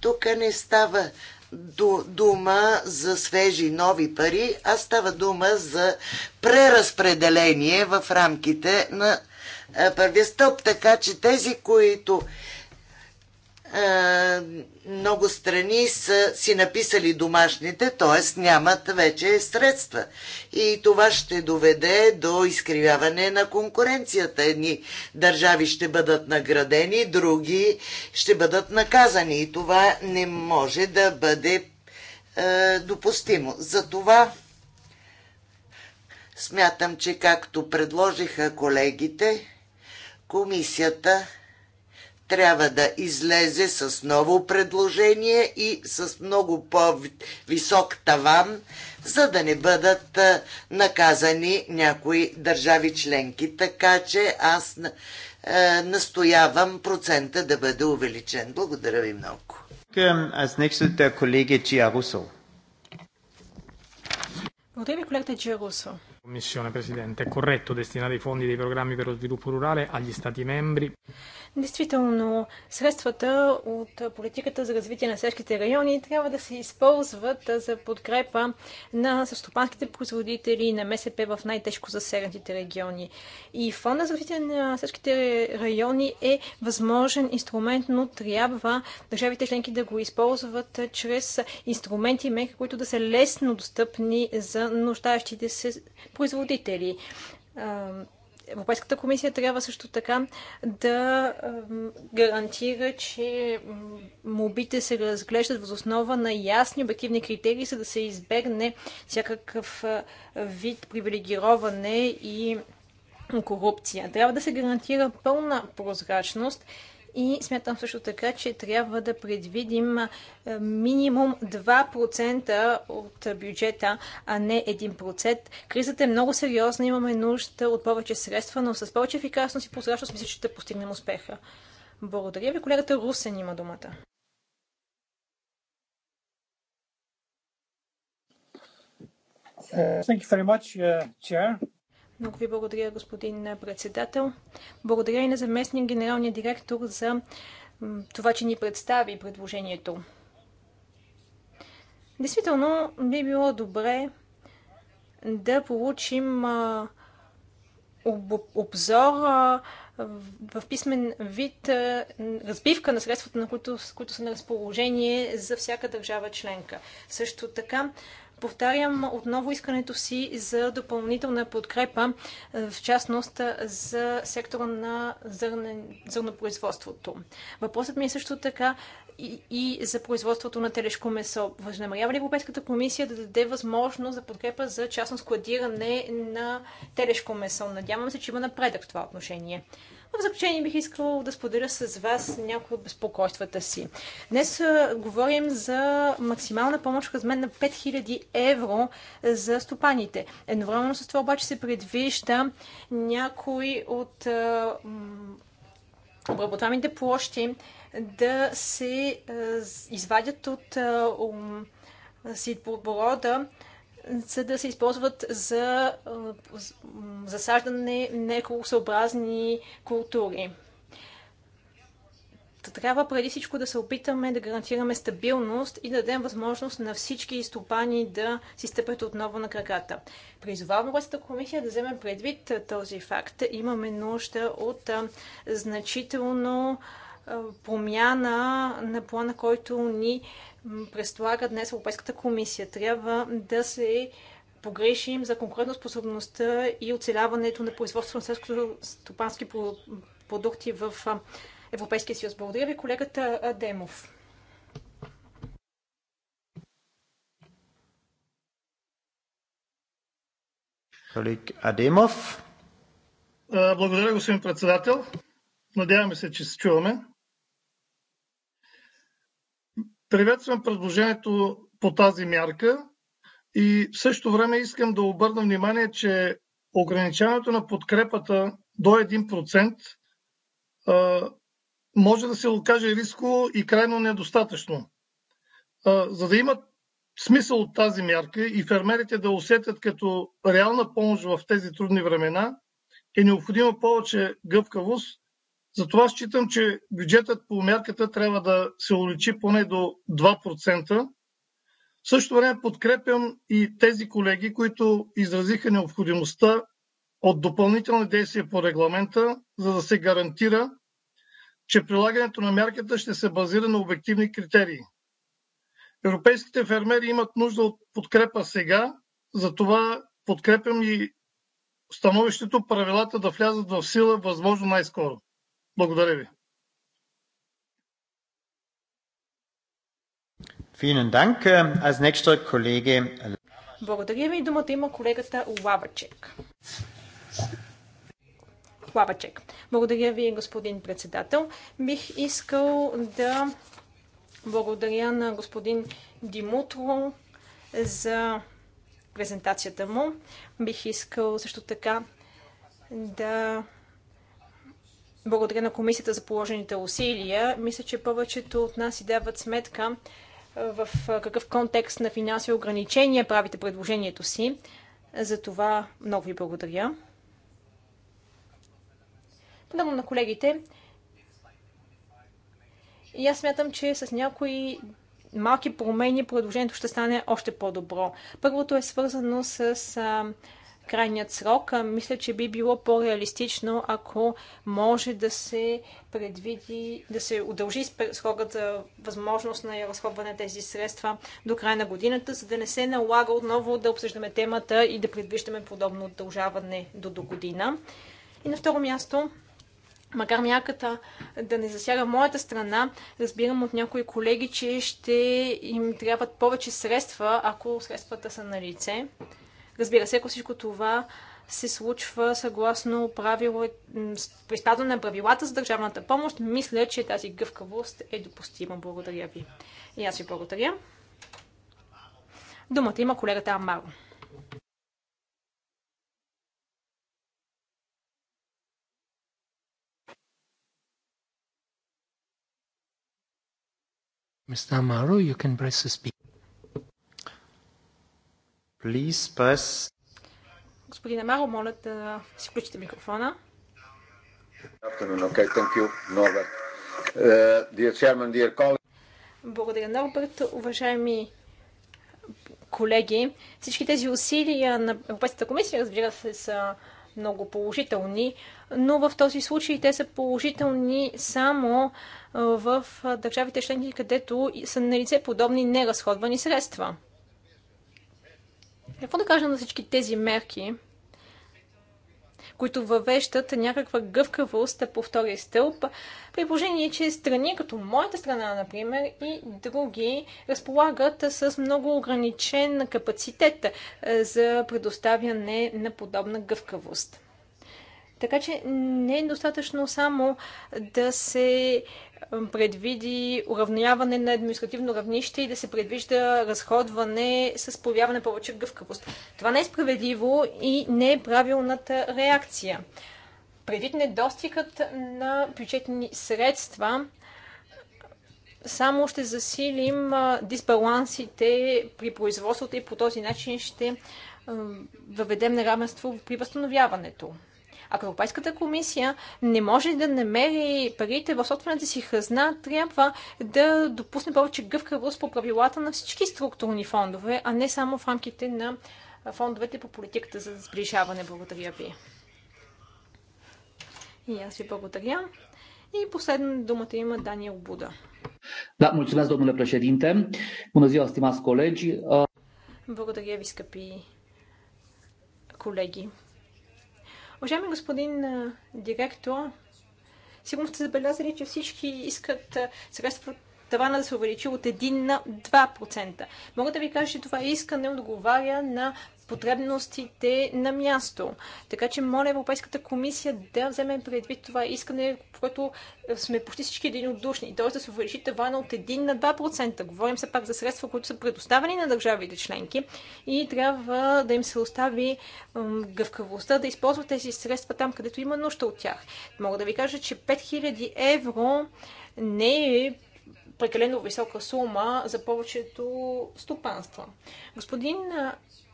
тук не става до, дума за свежи нови пари, а става дума за преразпределение в рамките на е, първия стълб, така че тези, които много страни са си написали домашните, т.е. нямат вече средства. И това ще доведе до изкривяване на конкуренцията. Едни държави ще бъдат наградени, други ще бъдат наказани. И това не може да бъде е, допустимо. Затова смятам, че както предложиха колегите, комисията трябва да излезе с ново предложение и с много по-висок таван, за да не бъдат наказани някои държави членки. Така че аз настоявам процента да бъде увеличен. Благодаря ви много. Als nächstes der Kollege Giarusso. Благодаря ви, колегата Giarusso. Commissione Presidente, è corretto destinare i fondi dei programmi per lo sviluppo rurale agli Stati membri? Действително, средствата от политиката за развитие на селските райони трябва да се използват за подкрепа на състопанските производители на МСП в най-тежко засегнатите региони. И фонда за развитие на селските райони е възможен инструмент, но трябва държавите членки да го използват чрез инструменти и които да са лесно достъпни за нуждаещите се производители Европейската комисия трябва също така да гарантира, че мобите се разглеждат въз основа на ясни обективни критерии, за да се избегне всякакъв вид привилегироване и корупция. Трябва да се гарантира пълна прозрачност и смятам също така, че трябва да предвидим минимум 2% от бюджета, а не 1%. Кризата е много сериозна, имаме нужда от повече средства, но с повече ефикасност и прозрачност мисля, че ще постигнем успеха. Благодаря ви. Колегата Русен има думата. Е, thank you very much, uh, Chair. Много ви благодаря, господин председател. Благодаря и на заместник генералния директор за това, че ни представи предложението. Действително би било добре да получим обзор в писмен вид разбивка на средствата, на които, които са на разположение за всяка държава членка. Също така повтарям отново искането си за допълнителна подкрепа, е, в частност за сектора на зърнопроизводството. Въпросът ми е също така и, и за производството на телешко месо. Възнамерява ли Европейската комисия да даде възможност за подкрепа за частно складиране на телешко месо? Надявам се, че има напредък в това отношение. В заключение бих искала да споделя с вас някои от безпокойствата си. Днес говорим за максимална помощ в размен на 5000 евро за стопаните. Едновременно с това обаче се предвижда някои от обработваните площи да се извадят от сидбоборода за да се използват за засаждане на култури. Трябва преди всичко да се опитаме да гарантираме стабилност и да дадем възможност на всички изтопани да си стъпят отново на краката. Призовавам Ръстата комисия да вземе предвид този факт. Имаме нужда от значително е, промяна на плана, който ни предлага днес Европейската комисия. Трябва да се погрешим за конкурентоспособността и оцеляването на производство на селско-стопански продукти в Европейския съюз. Благодаря ви, колегата Адемов. Колег Адемов. Благодаря, господин председател. Надяваме се, че се чуваме. Приветствам предложението по тази мярка и в същото време искам да обърна внимание, че ограничаването на подкрепата до 1% може да се окаже рисково и крайно недостатъчно. За да имат смисъл от тази мярка и фермерите да усетят като реална помощ в тези трудни времена, е необходимо повече гъвкавост затова считам, че бюджетът по мярката трябва да се увеличи поне до 2%. В същото време подкрепям и тези колеги, които изразиха необходимостта от допълнителни действия по регламента, за да се гарантира, че прилагането на мярката ще се базира на обективни критерии. Европейските фермери имат нужда от подкрепа сега, затова подкрепям и становището правилата да влязат в сила възможно най-скоро. Благодаря ви. Äh, благодаря ви. Думата има колегата Лавачек. Лавачек. Благодаря ви, господин председател. Бих искал да благодаря на господин Димутро за презентацията му. Бих искал също така да благодаря на комисията за положените усилия. Мисля, че повечето от нас си дават сметка в какъв контекст на финансови ограничения правите предложението си. За това много ви благодаря. Подобно на колегите, и аз смятам, че с някои малки промени предложението ще стане още по-добро. Първото е свързано с крайният срок, мисля, че би било по-реалистично, ако може да се предвиди, да се удължи срокът за възможност на разходване на тези средства до края на годината, за да не се налага отново да обсъждаме темата и да предвиждаме подобно удължаване до до година. И на второ място, макар мярката да не засяга моята страна, разбирам от някои колеги, че ще им трябват повече средства, ако средствата са на лице. Разбира се, ако всичко това се случва съгласно правило, приспазване на правилата за държавната помощ, мисля, че тази гъвкавост е допустима. Благодаря ви. И аз ви благодаря. Думата има колегата Амаро. Mr. Amaro, you can press the speaker. Please press... Господин Амаро, моля да си включите микрофона. Okay, thank you, Norbert. Uh, dear chairman, dear Благодаря, Норберт. Уважаеми колеги, всички тези усилия на Европейската комисия, разбира се, са много положителни, но в този случай те са положителни само в държавите членки, където са налице подобни неразходвани средства. Какво да кажем на всички тези мерки, които въвеждат някаква гъвкавост по втори стълб, при положение, че страни като моята страна, например, и други разполагат с много ограничен капацитет е, за предоставяне на подобна гъвкавост. Така че не е достатъчно само да се предвиди уравняване на административно равнище и да се предвижда разходване с появяване на повече гъвкавост. Това не е справедливо и не е правилната реакция. Предвид недостигът на бюджетни средства, само ще засилим дисбалансите при производството и по този начин ще въведем неравенство при възстановяването. Ако Европейската комисия не може да намери парите в собствената си хазна, трябва да допусне повече гъвкавост по правилата на всички структурни фондове, а не само в рамките на фондовете по политиката за сближаване. Благодаря ви. И аз ви благодаря. И последна думата има Даниел Буда. Да, mulțumesc, domnule președinte. Bună ziua, stimați colegi. Благодаря ви, скъпи колеги. Уважаеми господин директор, сигурно сте забелязали, че всички искат средствата тавана да се увеличи от 1 на 2%. Мога да ви кажа, че това искане отговаря на потребностите на място. Така че моля Европейската комисия да вземе предвид това искане, в което сме почти всички единодушни, т.е. да се увеличи тавана от 1 на 2%. Говорим се пак за средства, които са предоставени на държавите членки и трябва да им се остави гъвкавостта да използват тези средства там, където има нужда от тях. Мога да ви кажа, че 5000 евро не е прекалено висока сума за повечето стопанства. Господин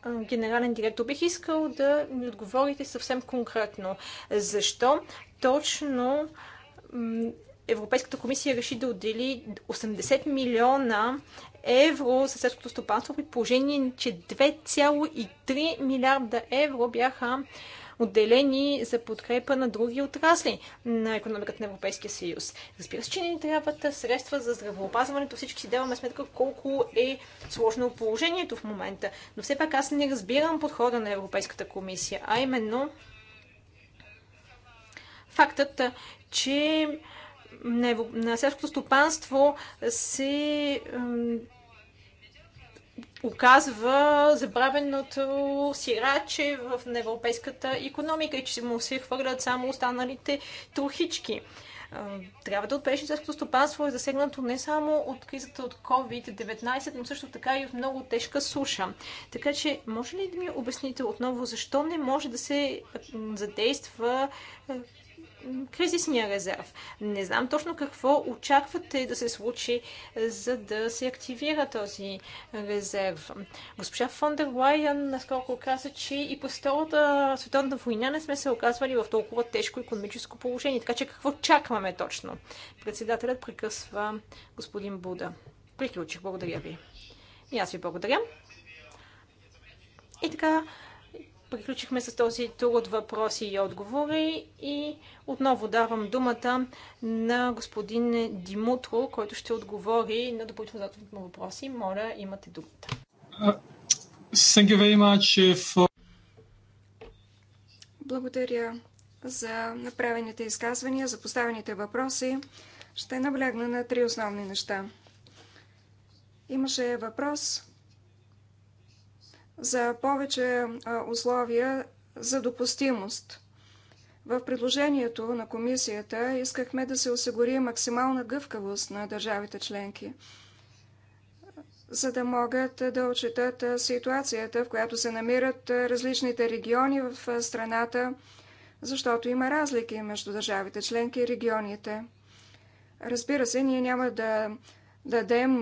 генерален директор. Бих искал да ми отговорите съвсем конкретно. Защо точно Европейската комисия реши да отдели 80 милиона евро за селското стопанство при положение, че 2,3 милиарда евро бяха отделени за подкрепа на други отрасли на економиката на Европейския съюз. Разбира се, че ни трябват средства за здравеопазването. Всички си даваме сметка колко е сложно положението в момента. Но все пак аз не разбирам подхода на Европейската комисия, а именно фактът, че на, на селското стопанство се оказва забравеното сираче в европейската економика и че му се хвърлят само останалите трохички. Трябва да отбележим, сърското стопанство е засегнато не само от кризата от COVID-19, но също така и от много тежка суша. Така че, може ли да ми обясните отново защо не може да се задейства кризисния резерв. Не знам точно какво очаквате да се случи, за да се активира този резерв. Госпожа Фондер Лайен наскоро каза, че и по Втората световна война не сме се оказвали в толкова тежко економическо положение. Така че какво чакваме точно? Председателят прекъсва господин Буда. Приключих. Благодаря ви. И аз ви благодаря. И така, Приключихме с този тур от въпроси и отговори и отново давам думата на господин Димутро, който ще отговори на допълнително въпроси. Моля, имате думата. Благодаря за направените изказвания, за поставените въпроси. Ще наблягна на три основни неща. Имаше въпрос за повече условия за допустимост. В предложението на комисията искахме да се осигури максимална гъвкавост на държавите членки, за да могат да отчитат ситуацията, в която се намират различните региони в страната, защото има разлики между държавите членки и регионите. Разбира се, ние няма да дадем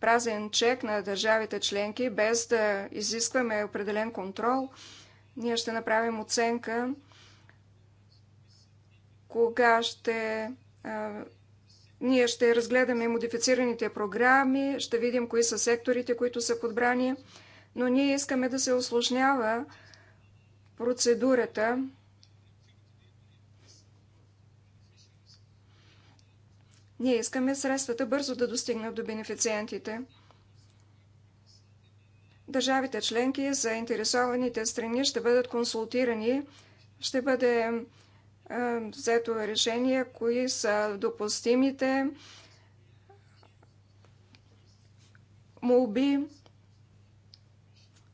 празен чек на държавите членки, без да изискваме определен контрол. Ние ще направим оценка кога ще... Ние ще разгледаме модифицираните програми, ще видим кои са секторите, които са подбрани, но ние искаме да се осложнява процедурата Ние искаме средствата бързо да достигнат до бенефициентите. Държавите членки, заинтересованите страни ще бъдат консултирани, ще бъде е, взето решение, кои са допустимите е, молби.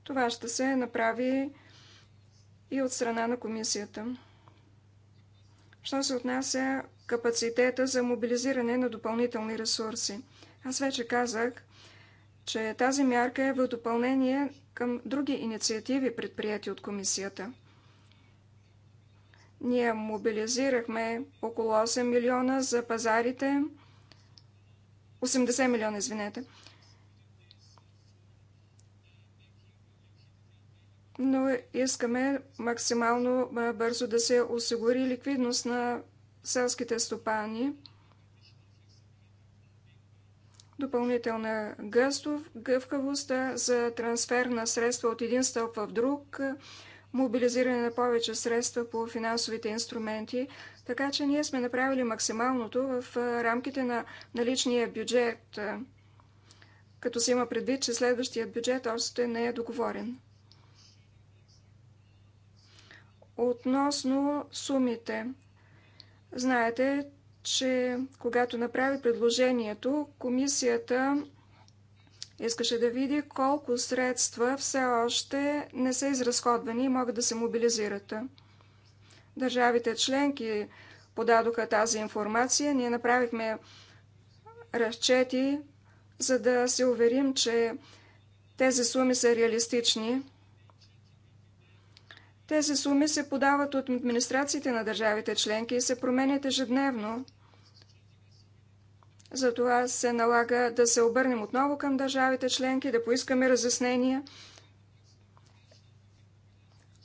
Това ще се направи и от страна на комисията. Що се отнася капацитета за мобилизиране на допълнителни ресурси. Аз вече казах, че тази мярка е в допълнение към други инициативи, предприяти от комисията. Ние мобилизирахме около 8 милиона за пазарите, 80 милиона, извинете. Но искаме максимално бързо да се осигури ликвидност на селските стопани, допълнителна гъвкавост за трансфер на средства от един стълб в друг, мобилизиране на повече средства по финансовите инструменти. Така че ние сме направили максималното в рамките на наличния бюджет, като се има предвид, че следващият бюджет още не е договорен. Относно сумите, Знаете, че когато направи предложението, комисията искаше да види колко средства все още не са изразходвани и могат да се мобилизират. Държавите членки подадоха тази информация. Ние направихме разчети, за да се уверим, че тези суми са реалистични. Тези суми се подават от администрациите на държавите членки и се променят ежедневно. Затова се налага да се обърнем отново към държавите членки, да поискаме разяснения.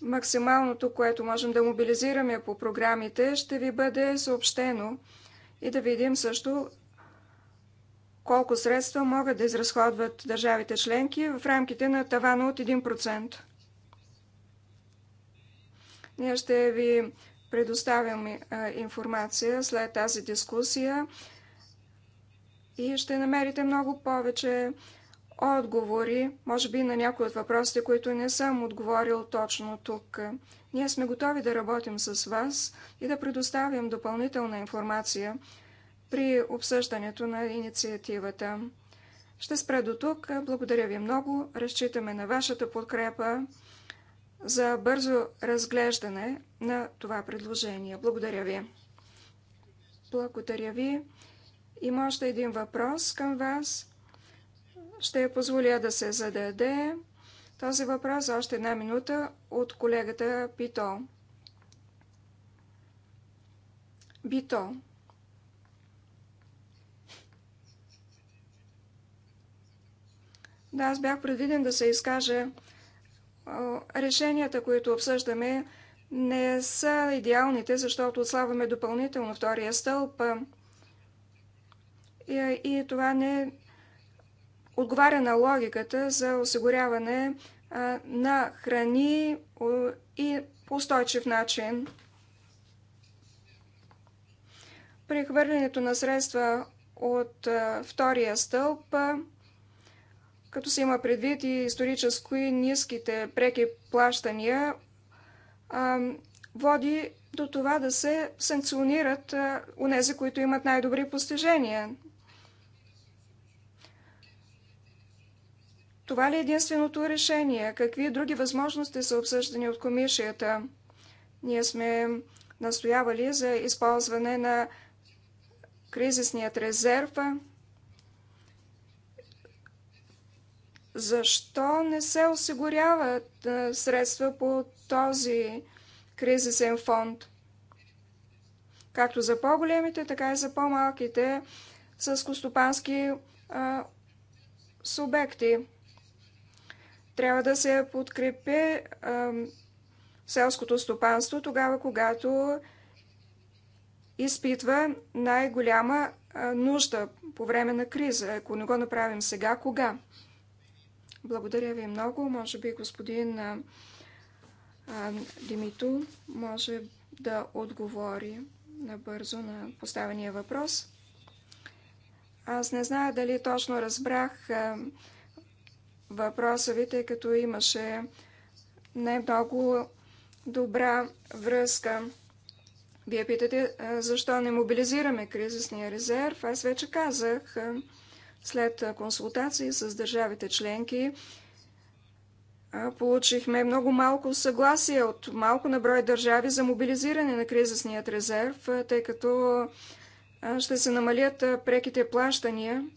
Максималното, което можем да мобилизираме по програмите, ще ви бъде съобщено и да видим също колко средства могат да изразходват държавите членки в рамките на тавана от 1%. Ние ще ви предоставим информация след тази дискусия и ще намерите много повече отговори, може би на някои от въпросите, които не съм отговорил точно тук. Ние сме готови да работим с вас и да предоставим допълнителна информация при обсъждането на инициативата. Ще спра до тук. Благодаря ви много. Разчитаме на вашата подкрепа за бързо разглеждане на това предложение. Благодаря ви. Благодаря ви. Има още един въпрос към вас. Ще я позволя да се зададе този въпрос за още една минута от колегата Пито. Бито. Да, аз бях предвиден да се изкаже решенията, които обсъждаме, не са идеалните, защото отслабваме допълнително втория стълб и, и това не отговаря на логиката за осигуряване на храни и по устойчив начин. Прехвърлянето на средства от втория стълб като се има предвид и исторически ниските преки плащания, води до това да се санкционират унези, които имат най-добри постижения. Това ли е единственото решение? Какви други възможности са обсъждани от комисията? Ние сме настоявали за използване на кризисният резерв, Защо не се осигуряват средства по този кризисен фонд? Както за по-големите, така и за по-малките с костопански субекти. Трябва да се подкрепи селското стопанство тогава, когато изпитва най-голяма нужда по време на криза. Ако не го направим сега, кога? Благодаря ви много. Може би господин Димиту може да отговори набързо на поставения въпрос. Аз не знам дали точно разбрах въпроса ви, тъй като имаше не много добра връзка. Вие питате защо не мобилизираме кризисния резерв. Аз вече казах, след консултации с държавите членки получихме много малко съгласие от малко на брой държави за мобилизиране на кризисният резерв, тъй като ще се намалят преките плащания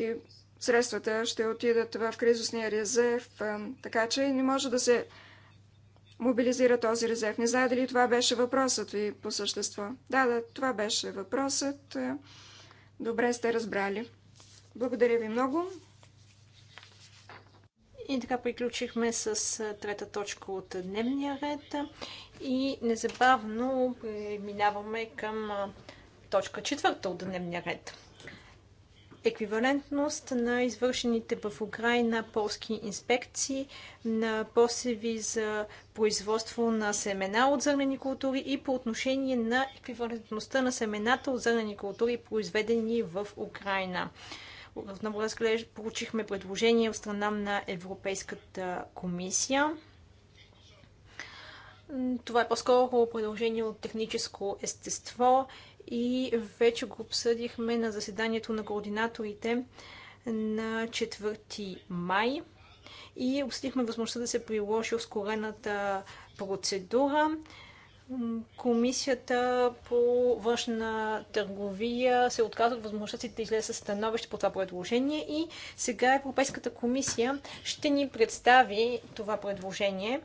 и средствата ще отидат в кризисния резерв, така че не може да се мобилизира този резерв. Не знае дали това беше въпросът ви по същество. Да, да, това беше въпросът. Добре сте разбрали. Благодаря ви много. И така приключихме с трета точка от дневния ред и незабавно минаваме към точка четвърта от дневния ред еквивалентност на извършените в Украина полски инспекции на посеви за производство на семена от зърнени култури и по отношение на еквивалентността на семената от зърнени култури, произведени в Украина. Отново разглеж... получихме предложение от страна на Европейската комисия. Това е по-скоро предложение от техническо естество и вече го обсъдихме на заседанието на координаторите на 4 май и обсъдихме възможността да се приложи ускорената процедура. Комисията по външна търговия се отказва от възможността да излезе със становище по това предложение и сега Европейската комисия ще ни представи това предложение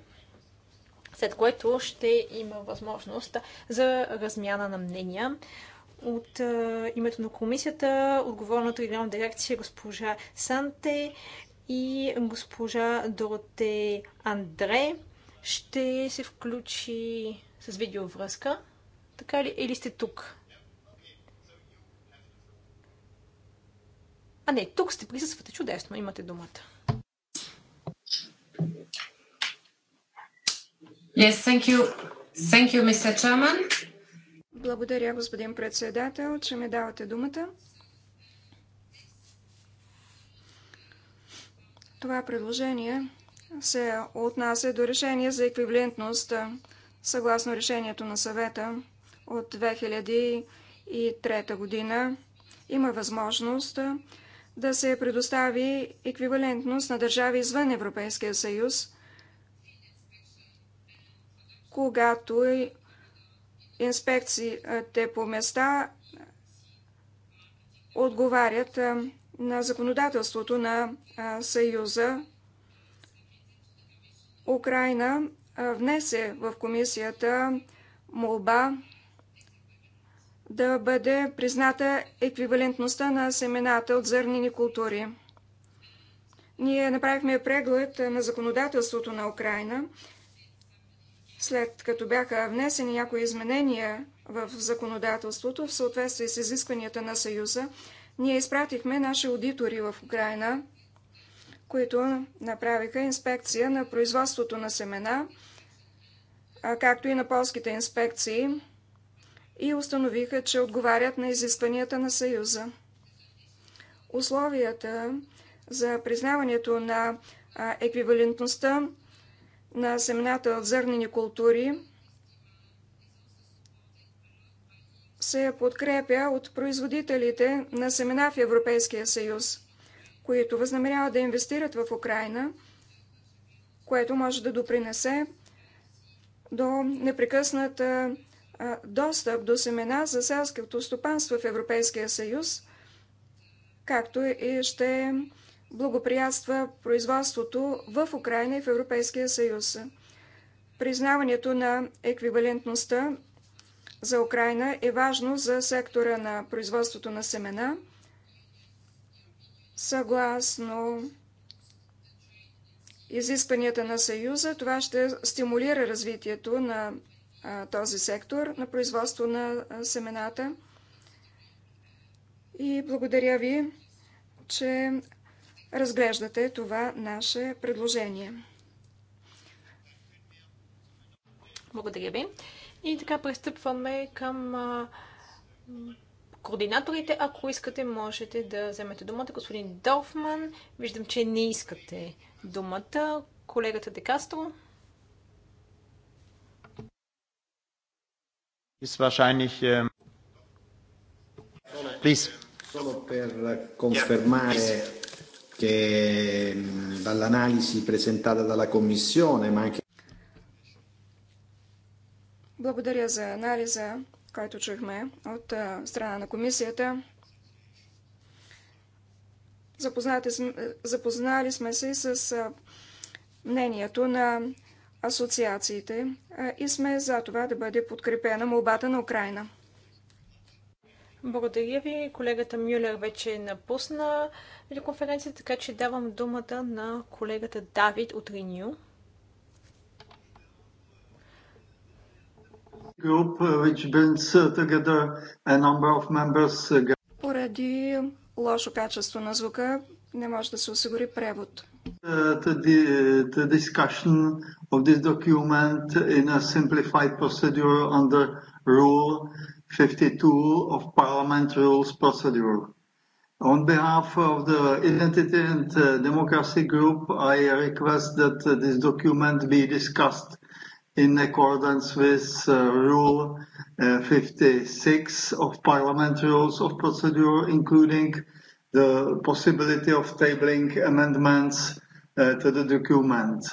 след което ще има възможност за размяна на мнения. От е, името на комисията, отговорната регионална дирекция госпожа Санте и госпожа Дороте Андре ще се включи с видеовръзка. Така ли? Или сте тук? А не, тук сте присъствате чудесно, имате думата. Yes, thank you. Thank you, Mr. Chairman. Благодаря, господин председател, че ми давате думата. Това предложение се отнася до решение за еквивалентност съгласно решението на съвета от 2003 година. Има възможност да се предостави еквивалентност на държави извън Европейския съюз – когато инспекциите по места отговарят на законодателството на Съюза. Украина внесе в комисията молба да бъде призната еквивалентността на семената от зърнени култури. Ние направихме преглед на законодателството на Украина след като бяха внесени някои изменения в законодателството в съответствие с изискванията на Съюза, ние изпратихме наши аудитори в Украина, които направиха инспекция на производството на семена, както и на полските инспекции и установиха, че отговарят на изискванията на Съюза. Условията за признаването на еквивалентността на семената от зърнени култури се подкрепя от производителите на семена в Европейския съюз, които възнамеряват да инвестират в Украина, което може да допринесе до непрекъсната достъп до семена за селското стопанство в Европейския съюз, както и ще благоприятства производството в Украина и в Европейския съюз. Признаването на еквивалентността за Украина е важно за сектора на производството на семена. Съгласно изискванията на Съюза, това ще стимулира развитието на този сектор на производство на семената. И благодаря ви, че разглеждате това наше предложение. Благодаря ви. И така пристъпваме към координаторите. Ако искате, можете да вземете думата. Господин Долфман, виждам, че не искате думата. Колегата Декастро. Äh, please. Solo per confermare che dall'analisi presentata dalla Commissione, ma anche Благодаря за анализа, който чухме от страна на комисията. Запознали сме се с мнението на асоциациите и сме за това да бъде подкрепена молбата на Украина. Благодаря ви. Колегата Мюлер вече е напусна конференцията, така че давам думата на колегата Давид от Renew. Uh, uh, uh, Поради лошо качество на звука не може да се осигури превод. Uh, the, the 52 of Parliament Rules Procedure. On behalf of the Identity and uh, Democracy Group, I request that uh, this document be discussed in accordance with uh, Rule uh, 56 of Parliament Rules of Procedure, including the possibility of tabling amendments uh, to the document.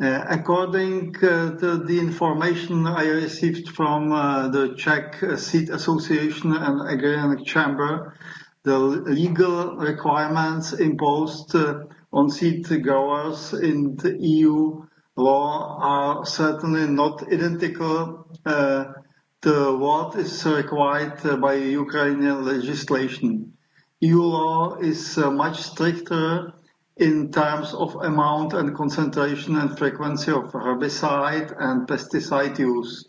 According to the information I received from the Czech Seed Association and Agrarian Chamber, the legal requirements imposed on seed growers in the EU law are certainly not identical to what is required by Ukrainian legislation. EU law is much stricter in terms of amount and concentration and frequency of herbicide and pesticide use.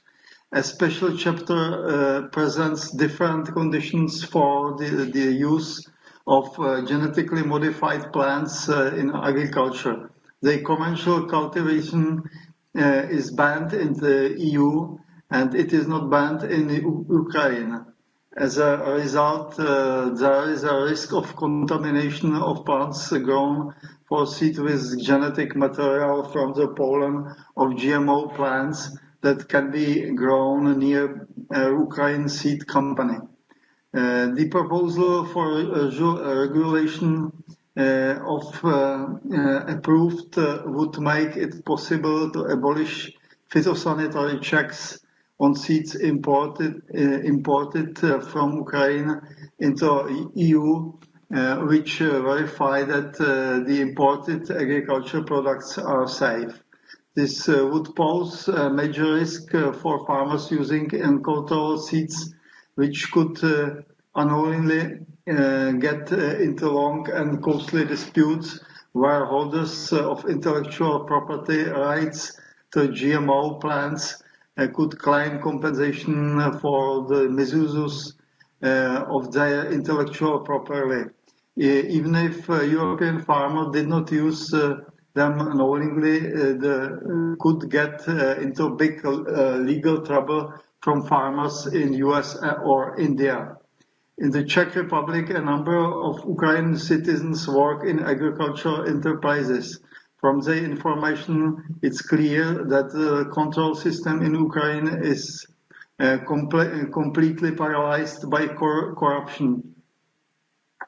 A special chapter uh, presents different conditions for the, the use of uh, genetically modified plants uh, in agriculture. The commercial cultivation is banned in the EU and it is not banned in Ukraine. As a result, there is a risk of contamination of plants grown for seed with genetic material from the pollen of GMO plants that can be grown near a Ukraine seed company. Uh, the proposal for uh, regulation uh, of approved would make it possible to abolish phytosanitary checks on seeds imported uh imported from Ukraine into EU, which verify that the imported agricultural products are safe. This would pose a major risk for farmers using uncontrolled seeds, which could unknowingly get into long and costly disputes where holders of intellectual property rights to GMO plants could claim compensation for the misuses of their intellectual property, even if European farmer did not use them knowingly, the, could get into big legal trouble from farmers in US or India. In the Czech Republic, a number of Ukrainian citizens work in agricultural enterprises. From the information, it's clear that the control system in Ukraine is comple completely paralyzed by cor corruption.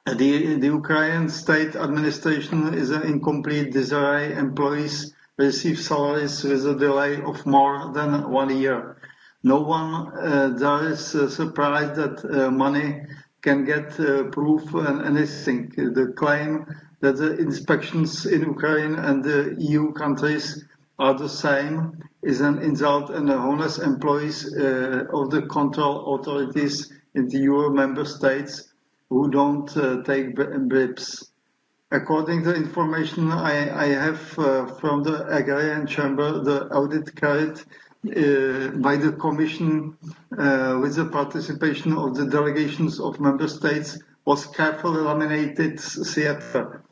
The, the Ukrainian state administration is an incomplete disarray. Employees receive salaries with a delay of more than one year. No one uh, there is uh, surprised that uh, money can get uh, proof and anything. The claim that the inspections in Ukraine and the EU countries are the same is an insult and the honest employees uh, of the control authorities in the EU member states who don't uh, take BRIPS. According to information I, I have uh, from the Agrarian Chamber, the audit carried uh, by the Commission uh, with the participation of the delegations of member states was carefully laminated theatre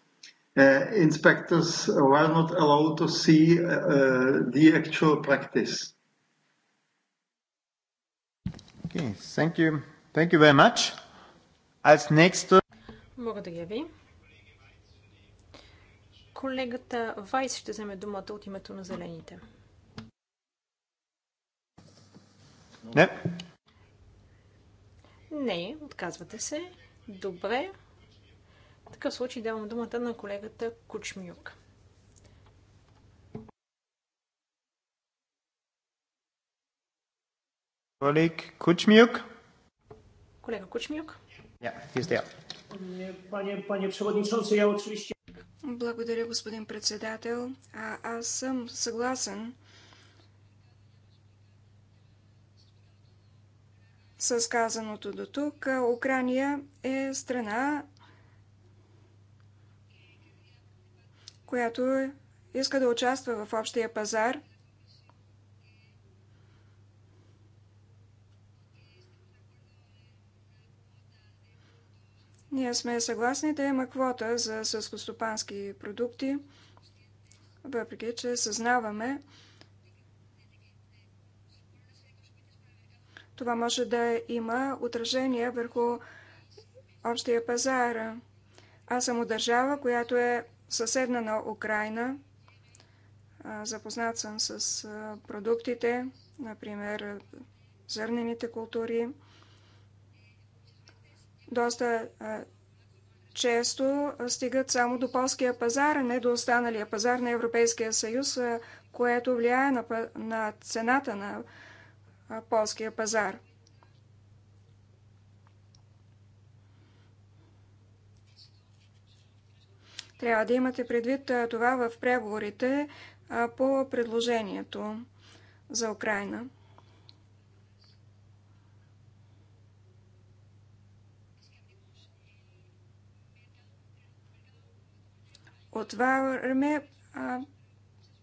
uh, inspectors were not allowed to see uh, the actual practice. Okay, thank you. Thank you very much. As next... Благодаря ви. Колегата Вайс ще вземе думата от името на зелените. Не. Не, отказвате се. Добре. В такъв случай давам думата на колегата Кучмюк. Колег Kuczmiuk. Колега Kuczmiuk. Благодаря, господин председател. А, аз съм съгласен с казаното до тук. Украния е страна която иска да участва в общия пазар. Ние сме съгласни да има квота за съскостопански продукти, въпреки че съзнаваме, това може да има отражение върху общия пазар. Аз съм от държава, която е съседна на Украина. Запознат съм с продуктите, например зърнените култури. Доста често стигат само до полския пазар, а не до останалия пазар на Европейския съюз, което влияе на, на цената на полския пазар. Трябва да имате предвид това в преговорите по предложението за Украина. Отваряме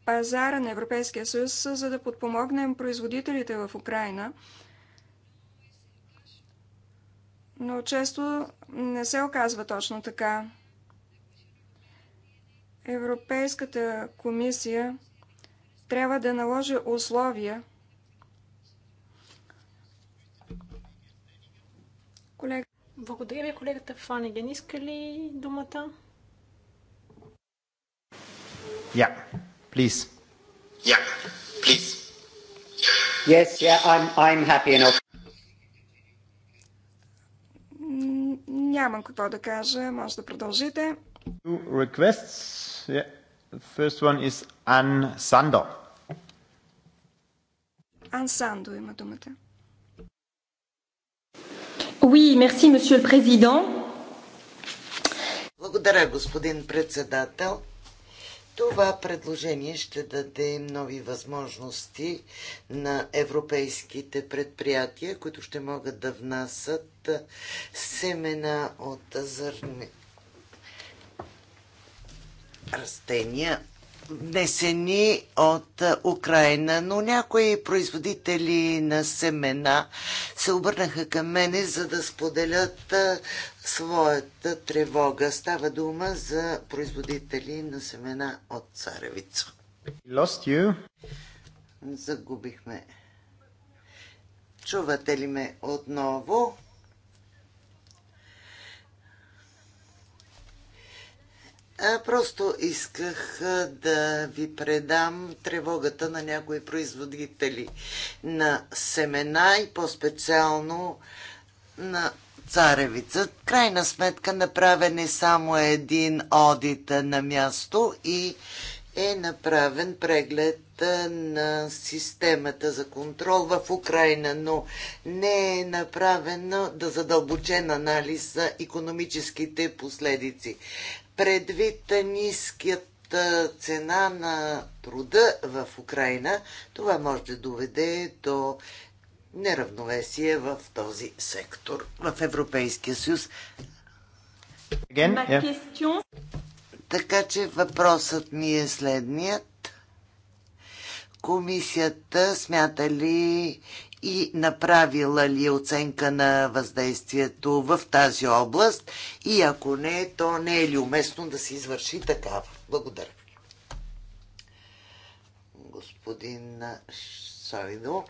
пазара на Европейския съюз, за да подпомогнем производителите в Украина. Но често не се оказва точно така. Европейската комисия трябва да наложи условия. Колега. Благодаря ви, колегата Фаниген. Иска ли думата? Yeah, please. Yeah, please. Yes, yeah, I'm, I'm happy enough. Нямам какво да кажа, може да продължите. Yeah. Ann Сандо. Ан Сандо има думата. Oui, merci, monsieur le président. Благодаря, господин председател. Това предложение ще даде нови възможности на европейските предприятия, които ще могат да внасят семена от зърни, растения, внесени от Украина, но някои производители на семена се обърнаха към мене, за да споделят своята тревога. Става дума за производители на семена от царевица. Lost you. Загубихме. Чувате ли ме отново? Просто исках да ви предам тревогата на някои производители на семена и по-специално на царевица. Крайна сметка направен е само един одит на място и е направен преглед на системата за контрол в Украина, но не е направено да задълбочен анализ за економическите последици предвид ниският цена на труда в Украина, това може да доведе до неравновесие в този сектор в Европейския съюз. Again, yeah. Така че въпросът ми е следният. Комисията смята ли и направила ли оценка на въздействието в тази област и ако не, то не е ли уместно да се извърши такава? Благодаря. Господин Савидо.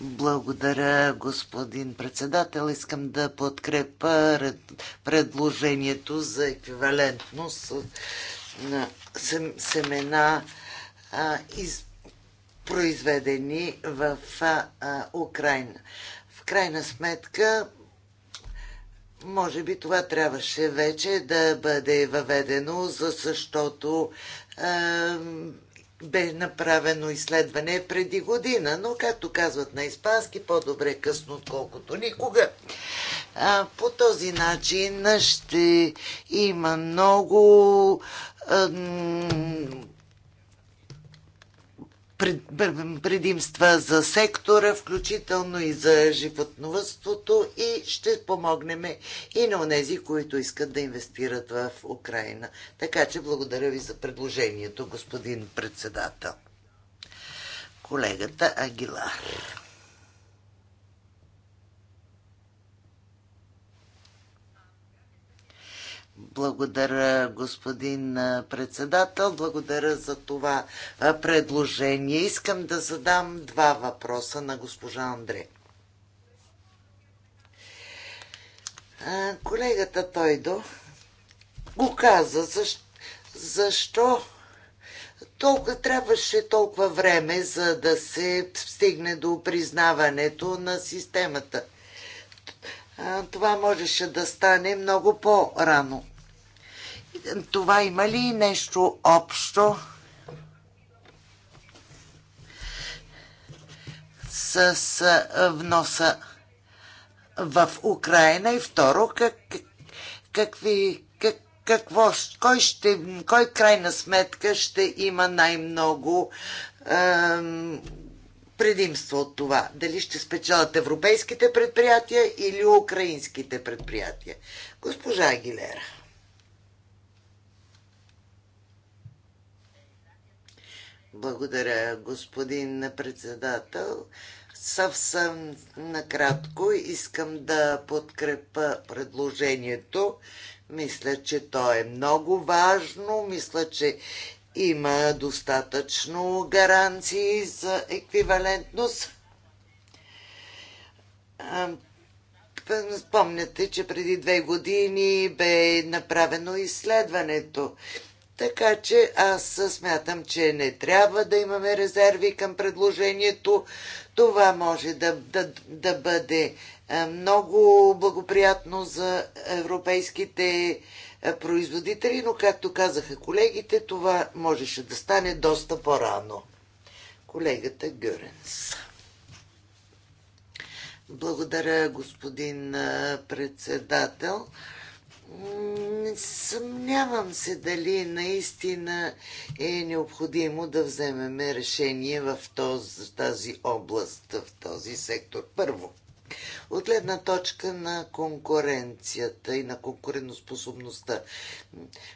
Благодаря, господин председател. Искам да подкрепа предложението за еквивалентност на семена из произведени в а, Украина. В крайна сметка, може би това трябваше вече да бъде въведено, защото а, бе направено изследване преди година, но както казват на испански, по-добре късно, отколкото никога. А, по този начин ще има много предимства за сектора, включително и за животновътството и ще помогнем и на тези, които искат да инвестират в Украина. Така че благодаря ви за предложението, господин председател. Колегата Агилар. Благодаря, господин председател. Благодаря за това предложение. Искам да задам два въпроса на госпожа Андре. Колегата Тойдо го каза, защо, защо толкова, трябваше толкова време, за да се стигне до признаването на системата. Това можеше да стане много по-рано. Това има ли нещо общо с вноса в Украина? И второ, как, какви, как, какво, кой, ще, кой крайна сметка ще има най-много ем, предимство от това? Дали ще спечелят европейските предприятия или украинските предприятия? Госпожа Агилера. Благодаря, господин председател. Съвсем накратко искам да подкрепа предложението. Мисля, че то е много важно. Мисля, че има достатъчно гаранции за еквивалентност. Спомняте, че преди две години бе направено изследването така че аз смятам, че не трябва да имаме резерви към предложението. Това може да, да, да бъде е, много благоприятно за европейските е, производители, но както казаха колегите, това можеше да стане доста по-рано. Колегата Гюренс. Благодаря, господин е, председател. Не съмнявам се дали наистина е необходимо да вземем решение в този, тази област, в този сектор. Първо, от гледна точка на конкуренцията и на конкурентоспособността.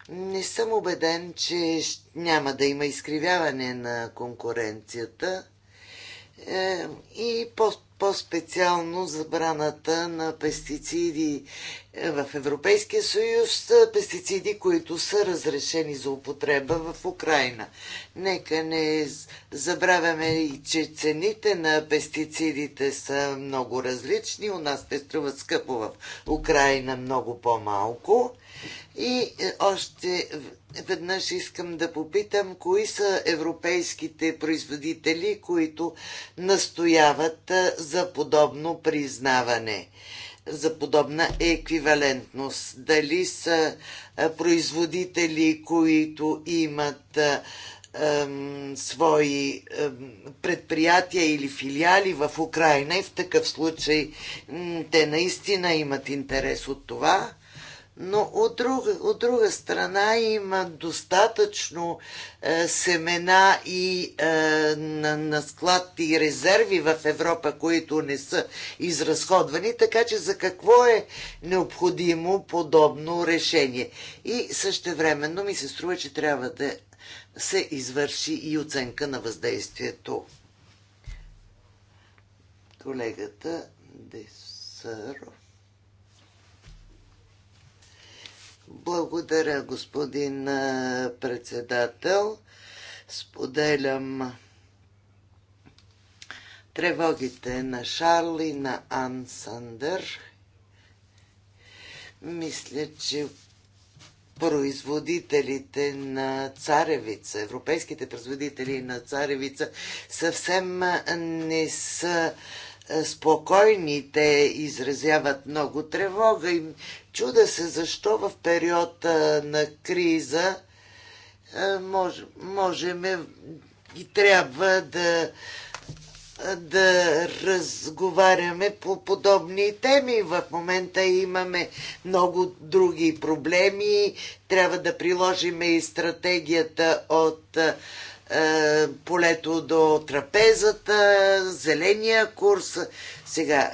Не съм убеден, че няма да има изкривяване на конкуренцията е, и по по-специално забраната на пестициди е, в Европейския съюз, е, пестициди, които са разрешени за употреба в Украина. Нека не забравяме и, че цените на пестицидите са много различни. У нас те струват скъпо в Украина много по-малко. И е, още веднъж искам да попитам, кои са европейските производители, които настояват за подобно признаване, за подобна еквивалентност. Дали са производители, които имат свои предприятия или филиали в Украина и в такъв случай те наистина имат интерес от това но от друга, от друга страна има достатъчно е, семена и е, на, на склад и резерви в Европа, които не са изразходвани, така че за какво е необходимо подобно решение. И същевременно ми се струва, че трябва да се извърши и оценка на въздействието. Колегата Десаров. Благодаря, господин председател. Споделям тревогите на Шарли, на Ан Сандър. Мисля, че производителите на царевица, европейските производители на царевица съвсем не са спокойни, те изразяват много тревога и чуда се защо в период на криза може, можем и трябва да, да разговаряме по подобни теми. В момента имаме много други проблеми. Трябва да приложим и стратегията от е, полето до трапезата, зеления курс. Сега,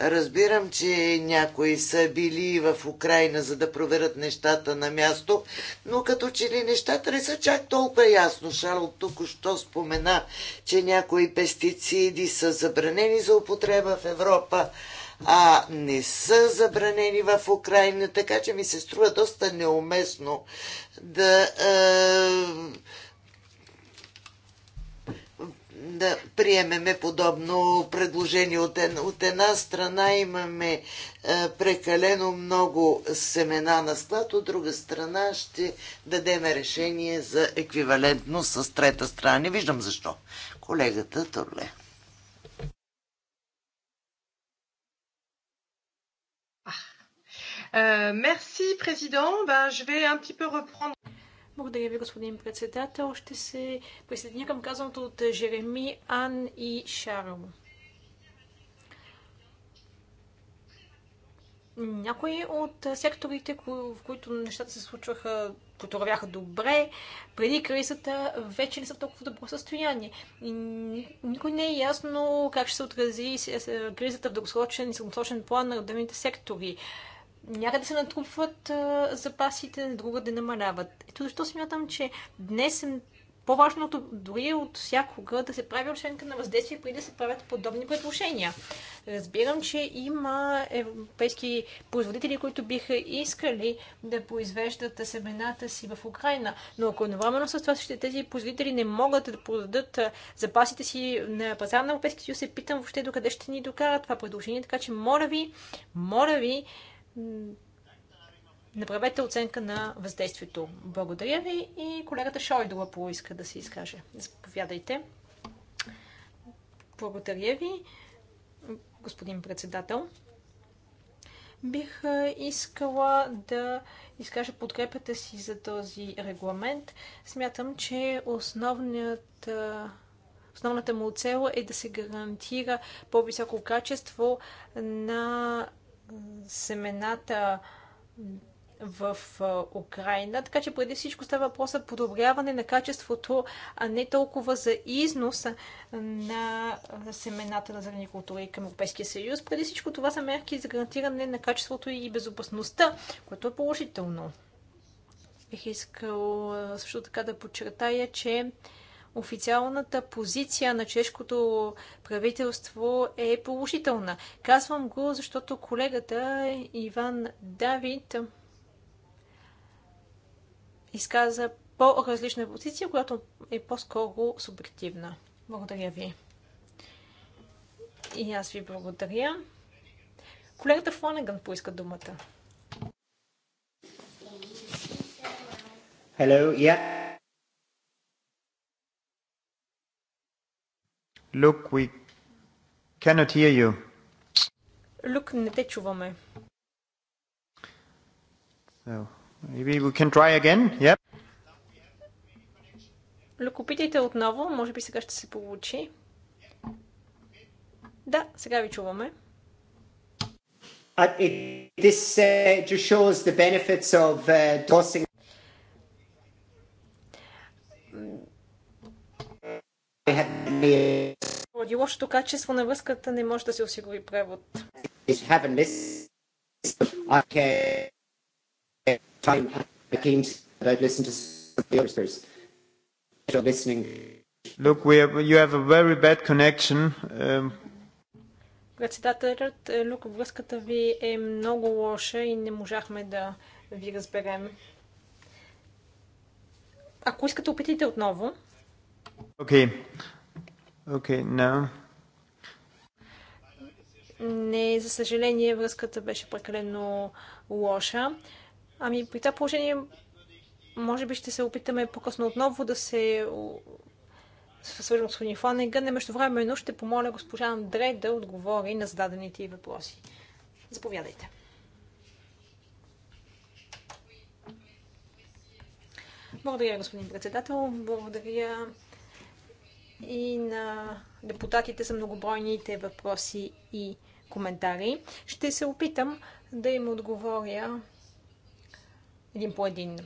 разбирам, че някои са били в Украина, за да проверят нещата на място, но като че ли нещата не са чак толкова ясно. Шарл тук що спомена, че някои пестициди са забранени за употреба в Европа а не са забранени в Украина, така че ми се струва доста неуместно да е, да приемеме подобно предложение. От, от една страна имаме е, прекалено много семена на склад, от друга страна ще дадеме решение за еквивалентно с трета страна. Не виждам защо. Колегата Торле. Е, мерси, президент. Ben, je vais un petit peu reprendre. Благодаря ви, господин председател. Ще се присъединя към казаното от Жереми, Ан и Шарл. Някои от секторите, в които нещата се случваха, които вървяха добре, преди кризата, вече не са в толкова добро състояние. Никой не е ясно как ще се отрази кризата в дългосрочен и средносрочен план на родовите сектори някъде се натрупват запасите, на друга да намаляват. Ето защо смятам, че днес е по-важното дори е от всякога да се прави оценка на въздействие преди да се правят подобни предложения. Разбирам, че има европейски производители, които биха искали да произвеждат семената си в Украина, но ако едновременно с това ще тези производители не могат да продадат запасите си на пазар на Европейския съюз, се питам въобще докъде ще ни докарат това предложение. Така че, моля ви, моля ви, направете оценка на въздействието. Благодаря ви и колегата Шойдова поиска да се изкаже. Заповядайте. Благодаря ви, господин председател. Бих искала да изкажа подкрепата си за този регламент. Смятам, че основният Основната му цел е да се гарантира по-високо качество на семената в Украина. Така че преди всичко става въпрос за подобряване на качеството, а не толкова за износ на семената на зелени култури към Европейския съюз. Преди всичко това са мерки за гарантиране на качеството и безопасността, което е положително. Бих искал също така да подчертая, че официалната позиция на чешкото правителство е положителна. Казвам го, защото колегата Иван Давид изказа по-различна позиция, която е по-скоро субективна. Благодаря ви. И аз ви благодаря. Колегата Фланеган поиска думата. Hello, yeah. Look, we cannot hear you. Look, не те чуваме. So, maybe we can try again. Yep. Look, опитайте отново. Може би сега ще се получи. Да, сега ви чуваме. Uh, It, this uh, just shows the benefits of uh, dosing. Поради лошото качество на връзката не може да се осигури превод. Look, we have, you have a very bad connection. Um, Председателят, е, Люк, връзката ви е много лоша и не можахме да ви разберем. Ако искате, опитайте отново. Okay. Okay, no. Не, за съжаление, връзката беше прекалено лоша. Ами при това положение, може би ще се опитаме по-късно отново да се свържим с Хони Фланеган. Между но ще помоля госпожа Андре да отговори на зададените и въпроси. Заповядайте. Благодаря, господин председател. Благодаря и на депутатите за многобройните въпроси и коментари. Ще се опитам да им отговоря един по един.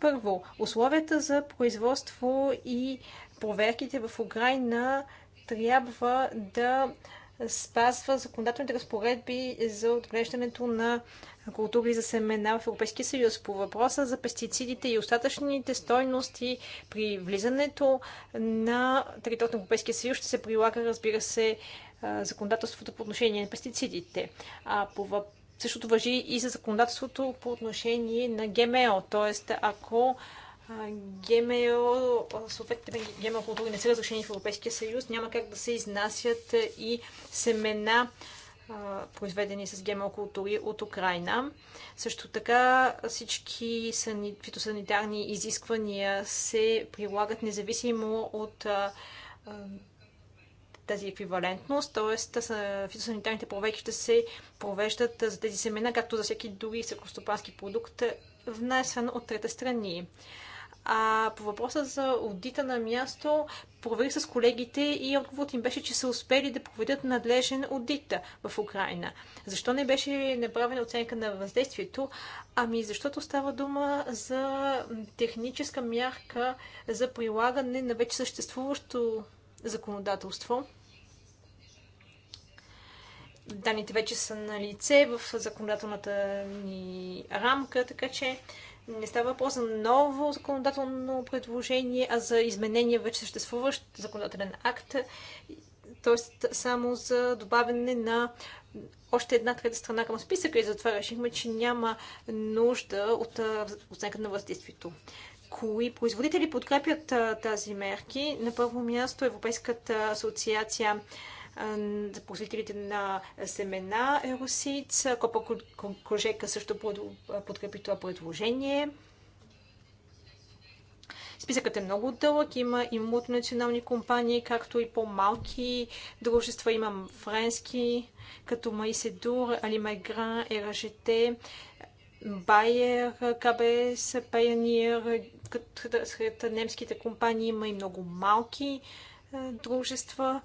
Първо, условията за производство и проверките в Украина трябва да спазва законодателните разпоредби за отглеждането на на култури за семена в Европейския съюз. По въпроса за пестицидите и остатъчните стойности при влизането на територията на Европейския съюз ще се прилага, разбира се, законодателството по отношение на пестицидите. А по въпроса Същото въжи и за законодателството по отношение на ГМО. Т.е. ако ГМО, съответните ГМО култури не са разрешени в Европейския съюз, няма как да се изнасят и семена произведени с ГМО култури от Украина. Също така всички фитосанитарни изисквания се прилагат независимо от тази еквивалентност, т.е. фитосанитарните проверки ще се провеждат за тези семена, както за всеки други селкостопански продукт, внесен от трета страни. А по въпроса за аудита на място, проверих с колегите и отговорът им беше, че са успели да проведат надлежен аудит в Украина. Защо не беше направена оценка на въздействието? Ами защото става дума за техническа мярка за прилагане на вече съществуващо законодателство. Даните вече са на лице в законодателната ни рамка, така че не става въпрос за ново законодателно предложение, а за изменение вече съществуващ законодателен акт, т.е. само за добавяне на още една трета страна към списъка и затова решихме, че няма нужда от оценка на въздействието. Кои производители подкрепят тази мерки? На първо място Европейската асоциация за производителите на семена Еросиц. Копа Кожека също подкрепи това предложение. Списъкът е много дълъг, има и мултинационални компании, както и по-малки дружества. Имам френски, като Майседур, Алимайгран, Еражете, Байер, КБС, Пайонир. Сред немските компании има и много малки е, дружества.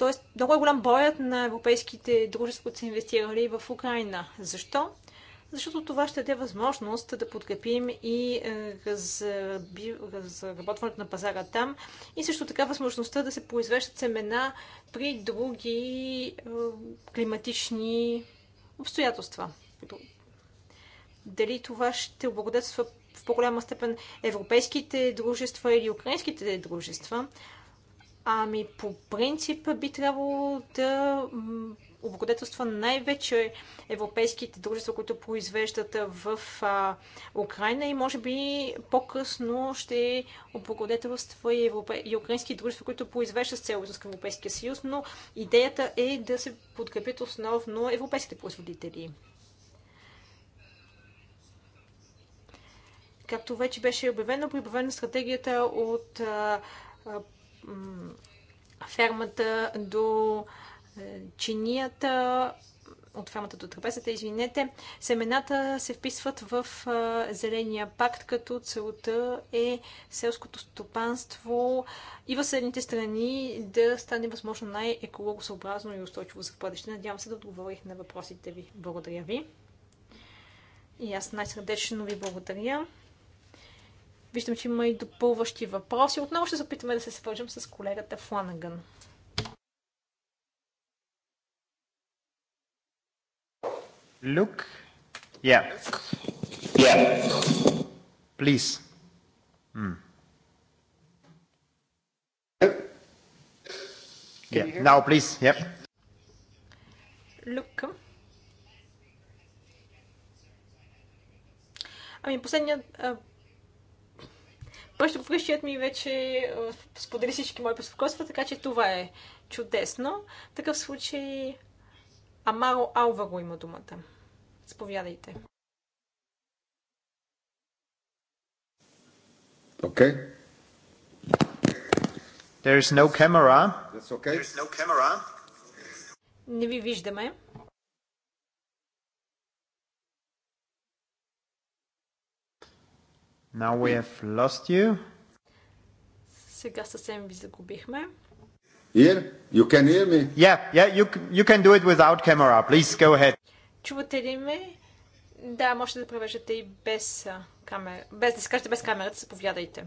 Тоест, много е голям броят на европейските дружества, които са инвестирали в Украина. Защо? Защото това ще даде възможност да подкрепим и е, разработването на пазара там и също така възможността да се произвеждат семена при други е, климатични обстоятелства. Дали това ще облагодетства в по-голяма степен европейските дружества или украинските дружества, Ами, по принцип би трябвало да облагодетелства най-вече европейските дружества, които произвеждат в а, Украина и може би по-късно ще облагодетелства и, европе... и украински дружества, които произвеждат с цел към Европейския съюз, но идеята е да се подкрепят основно европейските производители. Както вече беше обявено, при обявена стратегията от а, фермата до е, чинията, от фермата до трапезата, извинете, семената се вписват в е, Зеления пакт, като целта е селското стопанство и в съседните страни да стане възможно най-екологосъобразно и устойчиво за бъдеще. Надявам се да отговорих на въпросите ви. Благодаря ви. И аз най-сърдечно ви благодаря. Виждам, че има и допълващи въпроси. Отново ще се опитаме да се свържем с колегата Фланаган. Look. Yeah. Yeah. Please. Mm. Yeah. Now, please. Yep. Look. Ами последният пръщопръщият ми вече сподели всички мои безпокойства, така че това е чудесно. В такъв случай Амаро го има думата. Сповядайте. Okay. There is no camera. That's okay. There is no camera. Не ви виждаме. Now we have lost you. Сега съвсем ви загубихме. Here? You can hear me? Yeah, yeah, you, you can do it without camera. Please go ahead. Чувате ли ме? Да, можете да превеждате и без камера. Без да се без камерата, заповядайте.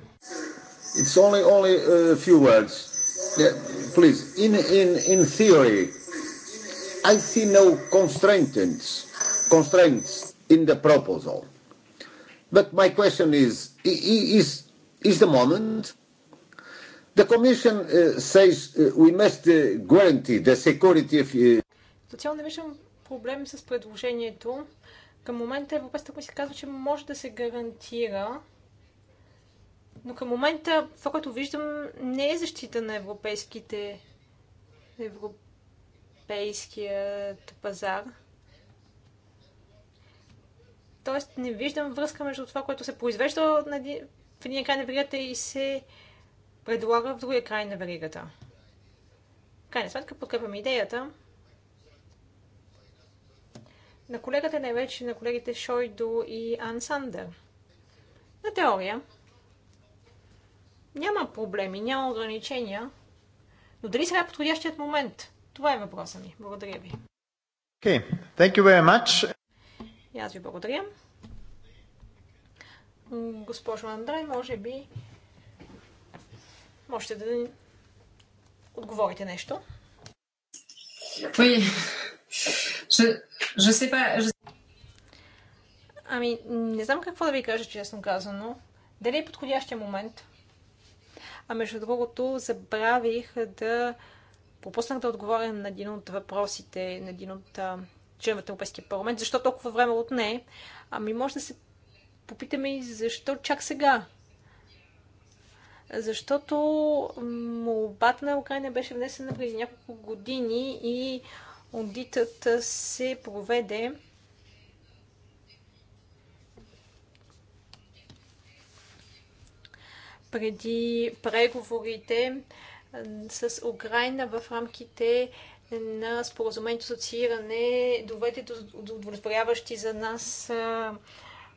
It's only, only a few words. Yeah, please, in, in, in theory, I see no constraints, constraints in the proposal. But my question is, is, is the moment? The Commission uh, says uh, we must uh, guarantee the security of... Uh... Социално не виждам проблем с предложението. Към момента Европейската комисия казва, че може да се гарантира, но към момента това, което виждам, не е защита на европейските, европейският пазар. Тоест не виждам връзка между това, което се произвежда в един край на веригата и се предлага в другия край на веригата. крайна сметка подкрепям идеята на колегата, най вече на колегите Шойдо и Ан Сандър. На теория няма проблеми, няма ограничения, но дали сега е подходящият момент? Това е въпроса ми. Благодаря ви. Okay. Thank you very much. И аз ви благодаря. Госпожо Андрей, може би можете да отговорите нещо. Ой, Je, je sais pas, je... Ами, не знам какво да ви кажа, честно казано. Дали е подходящия момент? А между другото, забравих да пропуснах да отговоря на един от въпросите, на един от чуем в Европейския парламент. Защо толкова време от не? Ами може да се попитаме и защо чак сега? Защото молбата на Украина беше внесена преди няколко години и аудитът се проведе преди преговорите с Украина в рамките на споразумението асоцииране доведе до, до удовлетворяващи за нас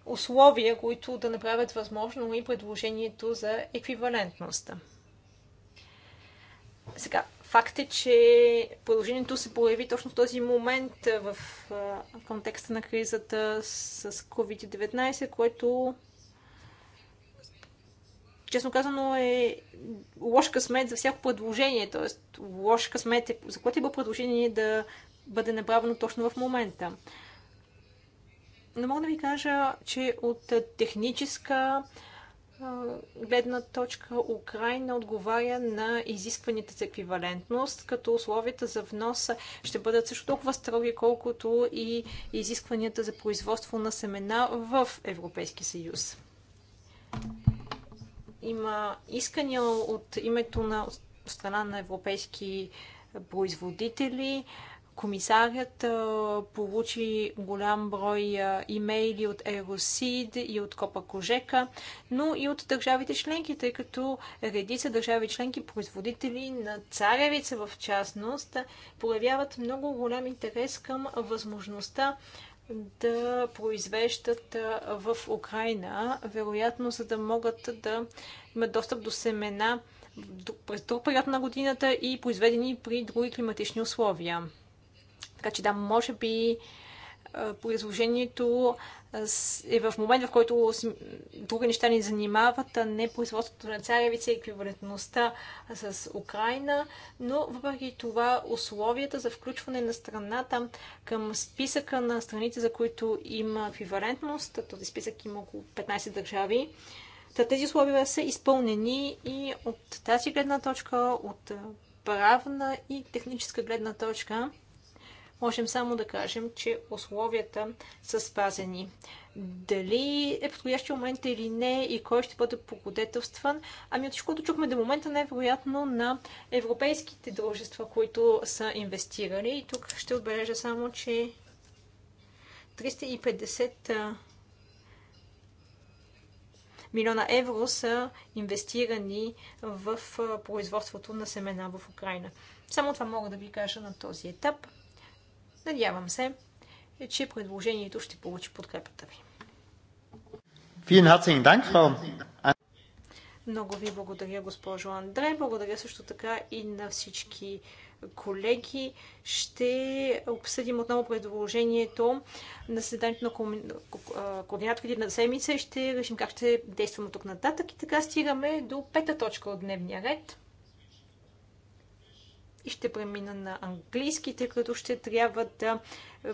условия, които да направят възможно и предложението за еквивалентността. Сега, факт е, че положението се появи точно в този момент в контекста на кризата с COVID-19, което честно казано, е лош късмет за всяко предложение. Тоест, лош късмет е за което е предложение да бъде направено точно в момента. Но мога да ви кажа, че от техническа гледна точка Украина отговаря на изискванията за еквивалентност, като условията за вноса ще бъдат също толкова строги, колкото и изискванията за производство на семена в Европейския съюз има искания от името на страна на европейски производители. Комисарят получи голям брой имейли от Еросид и от Копа Кожека, но и от държавите членки, тъй като редица държави членки, производители на царевица в частност, проявяват много голям интерес към възможността да произвеждат в Украина, вероятно за да могат да имат достъп до семена през друг период на годината и произведени при други климатични условия. Така че да, може би по изложението е в момент, в който други неща ни занимават, а не производството на царевица и еквивалентността с Украина, но въпреки това условията за включване на страната към списъка на страните, за които има еквивалентност, този списък има около 15 държави, тези условия са изпълнени и от тази гледна точка, от правна и техническа гледна точка, можем само да кажем, че условията са спазени. Дали е подходящи момент или не и кой ще бъде погодетелстван, ами от всичко, което чухме до момента, най-вероятно на европейските дружества, които са инвестирали. И тук ще отбележа само, че 350 милиона евро са инвестирани в производството на семена в Украина. Само това мога да ви кажа на този етап. Надявам се, че предложението ще получи подкрепата ви. Много ви благодаря, госпожо Андре. Благодаря също така и на всички колеги. Ще обсъдим отново предложението на заседанието на координаторите на седмица и ще решим как ще действаме тук нататък. И така стигаме до пета точка от дневния ред и ще премина на английски, тъй като ще трябва да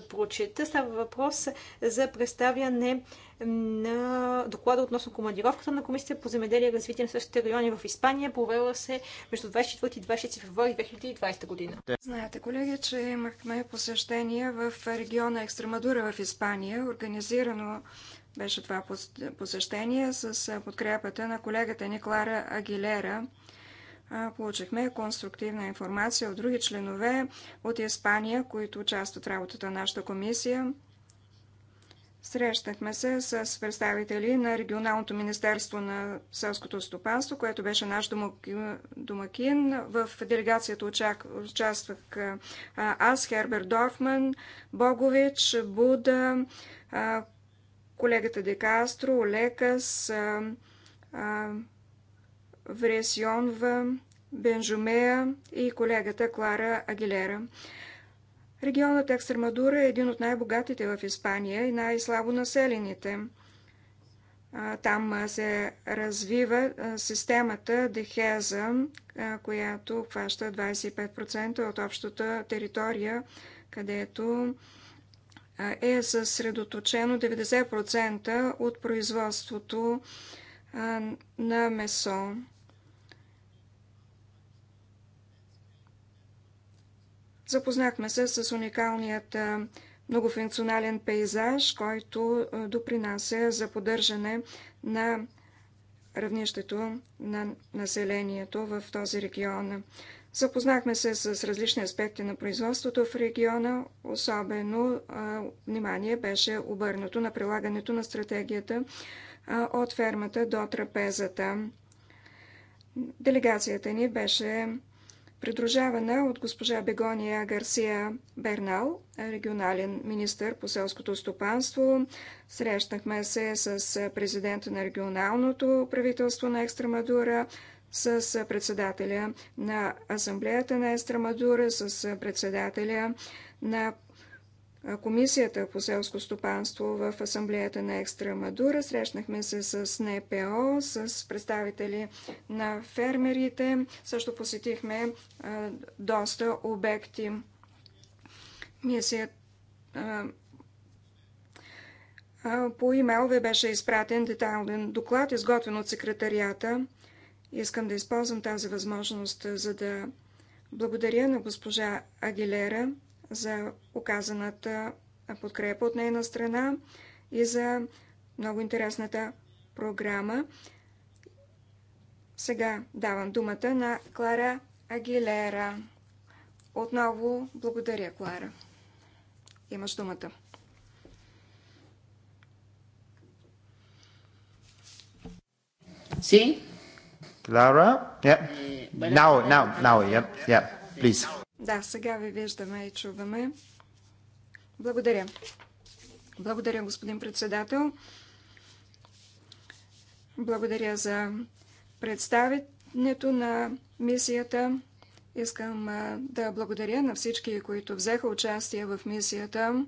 прочета. Става въпрос за представяне на доклада относно командировката на Комисията по земеделие и развитие на същите райони в Испания. Провела се между 24 и 26 февруари 2020 година. Знаете, колеги, че имахме посещение в региона Екстремадура в Испания, организирано беше това посещение с подкрепата на колегата ни Клара Агилера, Получихме конструктивна информация от други членове от Испания, които участват в работата на нашата комисия. Срещнахме се с представители на Регионалното министерство на селското стопанство, което беше наш домакин. В делегацията участвах аз, Хербер Дорфман, Богович, Буда, колегата Декастро, Олекас, Вресионва, Бенжумея и колегата Клара Агилера. Регионът Екстремадура е един от най-богатите в Испания и най-слабо населените. Там се развива системата Дехеза, която обхваща 25% от общата територия, където е съсредоточено 90% от производството на месо. Запознахме се с уникалният многофункционален пейзаж, който допринася за поддържане на равнището на населението в този регион. Запознахме се с различни аспекти на производството в региона. Особено внимание беше обърнато на прилагането на стратегията от фермата до трапезата. Делегацията ни беше придружавана от госпожа Бегония Гарсия Бернал, регионален министр по селското стопанство. Срещнахме се с президента на регионалното правителство на Екстрамадура, с председателя на Асамблеята на Екстрамадура, с председателя на Комисията по селско стопанство в Асамблеята на Екстрамадура. Срещнахме се с НПО, с представители на фермерите. Също посетихме доста обекти. Мисията по имейл ви беше изпратен детайлен доклад, изготвен от секретарията. Искам да използвам тази възможност, за да благодаря на госпожа Агилера за оказаната подкрепа от нейна страна и за много интересната програма. Сега давам думата на Клара Агилера. Отново благодаря, Клара. Имаш думата. Sí? Clara? Yeah. Now, now, now, yeah, yeah, please. Да, сега ви виждаме и чуваме. Благодаря. Благодаря, господин председател. Благодаря за представенето на мисията. Искам да благодаря на всички, които взеха участие в мисията,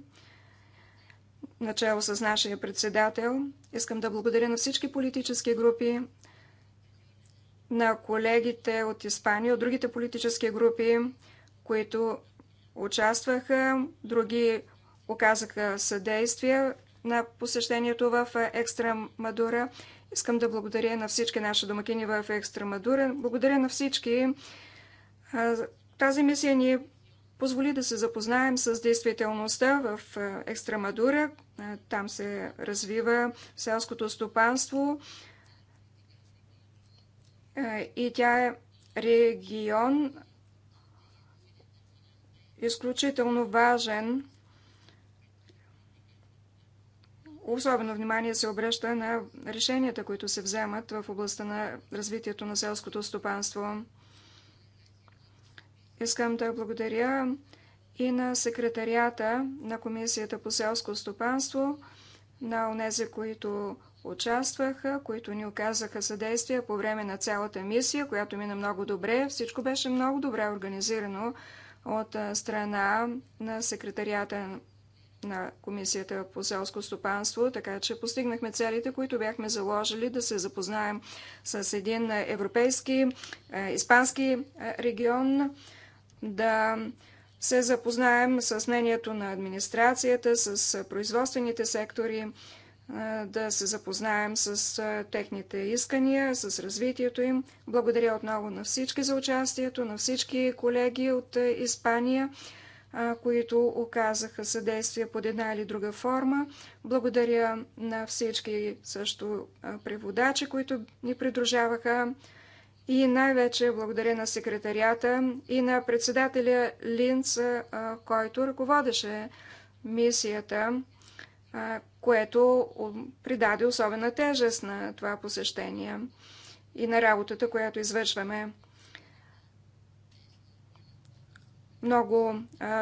начало с нашия председател. Искам да благодаря на всички политически групи, на колегите от Испания, от другите политически групи, които участваха, други оказаха съдействие на посещението в Екстрамадура. Искам да благодаря на всички наши домакини в Екстрамадура. Благодаря на всички. Тази мисия ни позволи да се запознаем с действителността в Екстрамадура. Там се развива селското стопанство и тя е регион изключително важен. Особено внимание се обръща на решенията, които се вземат в областта на развитието на селското стопанство. Искам да благодаря и на секретарията на Комисията по селско стопанство, на онези, които участваха, които ни оказаха съдействие по време на цялата мисия, която мина много добре. Всичко беше много добре организирано от страна на секретарията на Комисията по селско стопанство, така че постигнахме целите, които бяхме заложили да се запознаем с един европейски, испански регион, да се запознаем с мнението на администрацията, с производствените сектори, да се запознаем с техните искания, с развитието им. Благодаря отново на всички за участието, на всички колеги от Испания, които оказаха съдействие под една или друга форма. Благодаря на всички също преводачи, които ни придружаваха. И най-вече благодаря на секретарията и на председателя Линца, който ръководеше мисията което придаде особена тежест на това посещение и на работата, която извършваме. Много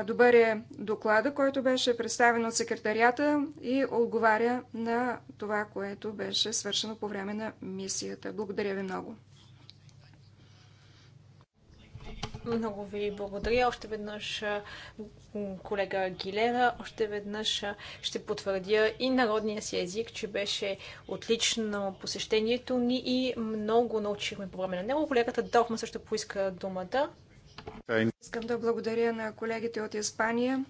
добър е доклада, който беше представен от секретарията и отговаря на това, което беше свършено по време на мисията. Благодаря ви много. Много ви благодаря. Още веднъж колега Гилера, още веднъж ще потвърдя и народния си език, че беше отлично посещението ни и много научихме по време на него. Колегата Дохма също поиска думата. Искам да благодаря на колегите от Испания.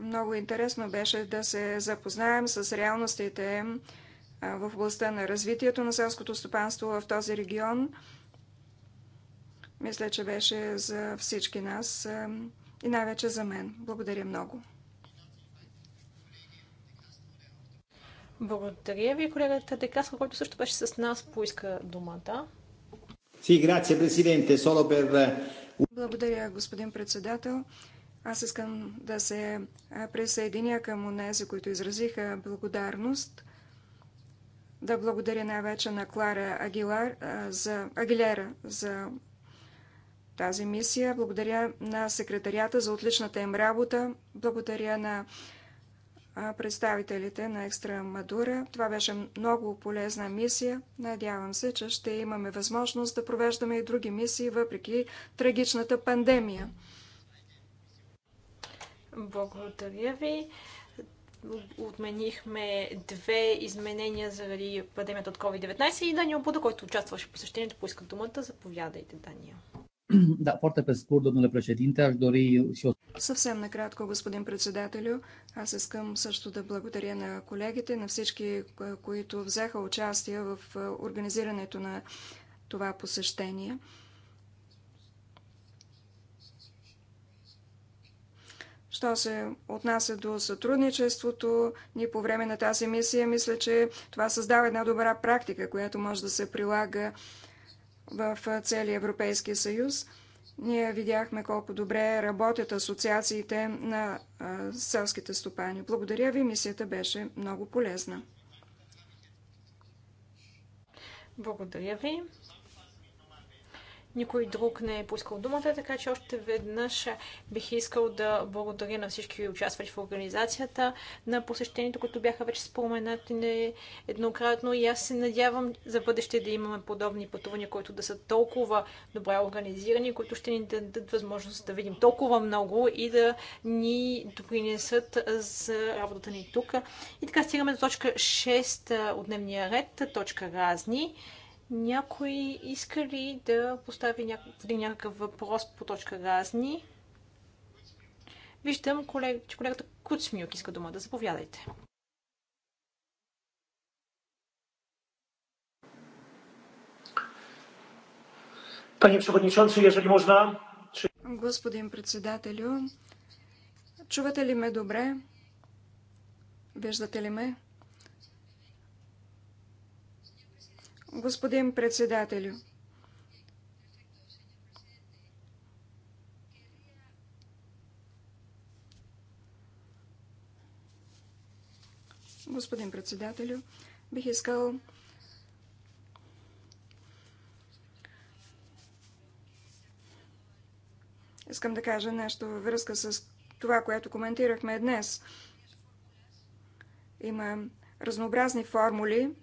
Много интересно беше да се запознаем с реалностите в областта на развитието на селското стопанство в този регион – мисля, че беше за всички нас и най-вече за мен. Благодаря много. Благодаря ви, колегата Декаско, който също беше с нас, поиска думата. Си, грация, президенте, соло пер... Благодаря, господин председател. Аз искам да се е, присъединя към онези, които изразиха благодарност. Да благодаря най-вече на Клара Агилар, за, Агилера за тази мисия. Благодаря на секретарията за отличната им работа. Благодаря на представителите на Екстра Мадура. Това беше много полезна мисия. Надявам се, че ще имаме възможност да провеждаме и други мисии, въпреки трагичната пандемия. Благодаря ви. Отменихме две изменения заради пандемията от COVID-19 и Даниел Буда, който участваше в посещението, поиска думата. Заповядайте, Дания. *clears throat* Da, foarte pe scurt, domnule președinte, aș dori și eu... Съвсем накратко, господин председателю, аз искам също да благодаря на колегите, на всички, които взеха участие в е, организирането на това посещение. Що се отнася до сътрудничеството ни по време на тази мисия, мисля, че това създава една добра практика, която може да се прилага в целия Европейски съюз. Ние видяхме колко добре работят асоциациите на селските стопани. Благодаря ви, мисията беше много полезна. Благодаря ви. Никой друг не е поискал думата, така че още веднъж бих искал да благодаря на всички участвали в организацията на посещението, които бяха вече споменати еднократно и аз се надявам за бъдеще да имаме подобни пътувания, които да са толкова добре организирани, които ще ни дадат възможност да видим толкова много и да ни допринесат за работата ни тук. И така стигаме до точка 6 от дневния ред, точка разни. Някой иска ли да постави някакъв, някакъв въпрос по точка разни? Виждам, колег, че колегата Куцмиок иска дума да заповядайте. Panie przewodniczący, jeżeli można. Czy... Господин председателю, чувате ли ме добре? Виждате ли ме? Господин председателю, Господин председателю, бих искал Искам да кажа нещо във връзка с това, което коментирахме днес. Има разнообразни формули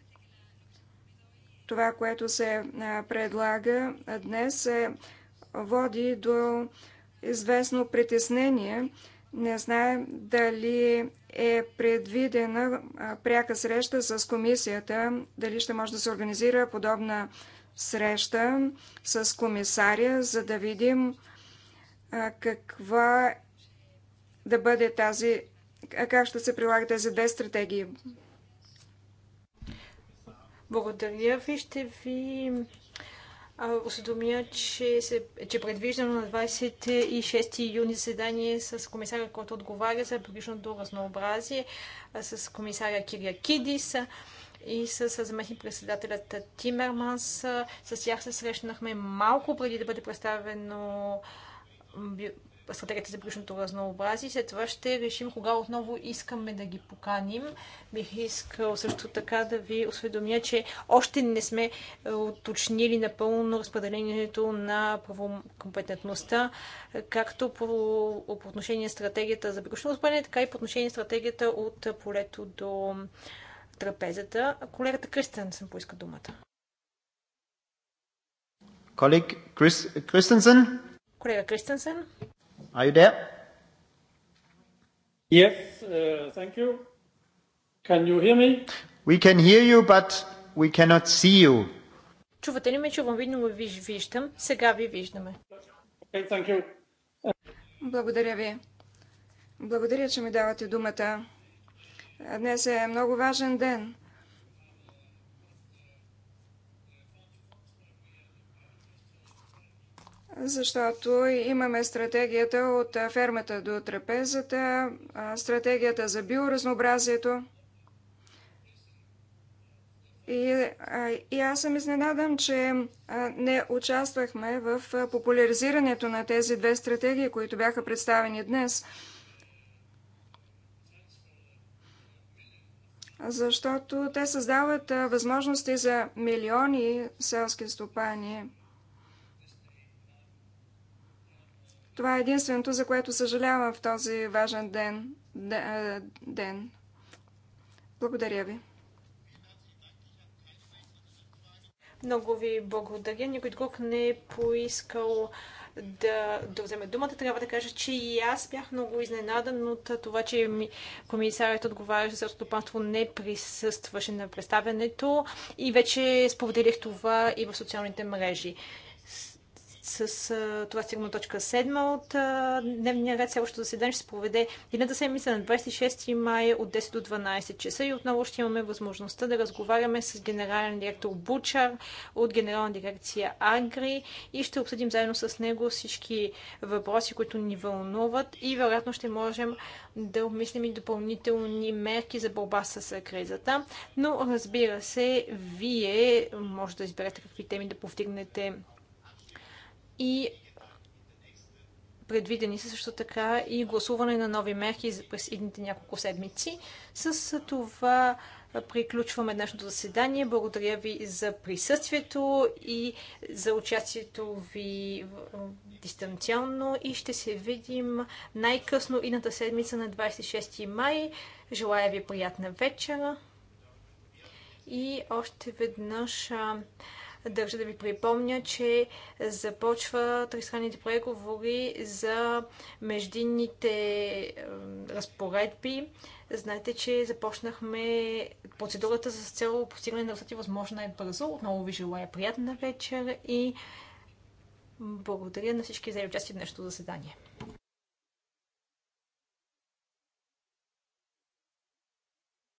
това, което се предлага днес, се води до известно притеснение. Не знаем дали е предвидена пряка среща с комисията, дали ще може да се организира подобна среща с комисаря, за да видим каква да бъде тази, как ще се прилагат тези две стратегии. Благодаря ви. Ще ви осъдомя, че, се, че предвиждано на 26 юни заседание с комисаря, който отговаря за публичното разнообразие, с комисаря Кирия Кидис и с замехи председателят Тимерманс. С тях се срещнахме малко преди да бъде представено стратегията за биологичното разнообразие. След това ще решим кога отново искаме да ги поканим. Бих искал също така да ви осведомя, че още не сме е, уточнили напълно разпределението на правокомпетентността, както по, по отношение на стратегията за биологично разнообразие, така и по отношение на стратегията от полето до трапезата. Колегата Кристен съм поиска думата. Колег Крис... Кристенсен? Колега Кристенсен? Are you there? Yes, uh, thank you. Can you hear me? We can hear you, but we cannot see you. Чувате ли ме? Чувам, видно ви виждам. Сега ви виждаме. Okay, thank you. Благодаря ви. Благодаря, че ми давате думата. Днес е много важен ден – защото имаме стратегията от фермата до трапезата, стратегията за биоразнообразието. И, и аз съм изненадан, че не участвахме в популяризирането на тези две стратегии, които бяха представени днес. Защото те създават възможности за милиони селски стопани. Това е единственото, за което съжалявам в този важен ден. ден. Благодаря ви. Много ви благодаря. Никой друг не е поискал да, да вземе думата. Трябва да кажа, че и аз бях много изненадан от това, че ми, комисарят отговаряше за стопанство не присъстваше на представянето и вече споделих това и в социалните мрежи. С а, това стигна точка 7 от а, дневния ред. Следващото заседание ще се проведе едната седмица на 26 май от 10 до 12 часа и отново ще имаме възможността да разговаряме с генерален директор Бучар от генерална дирекция Агри и ще обсъдим заедно с него всички въпроси, които ни вълнуват и вероятно ще можем да обмислим и допълнителни мерки за борба с кризата. Но разбира се, вие може да изберете какви теми да повдигнете и предвидени са също така и гласуване на нови мерки през едните няколко седмици. С това приключваме днешното заседание. Благодаря ви за присъствието и за участието ви дистанционно и ще се видим най-късно едната седмица на 26 май. Желая ви приятна вечера и още веднъж Държа да ви припомня, че започва тристранните преговори за междинните разпоредби. Знаете, че започнахме процедурата за цел постигане на резултати възможно най-бързо. Отново ви желая приятна вечер и благодаря на всички за участие в днешното заседание.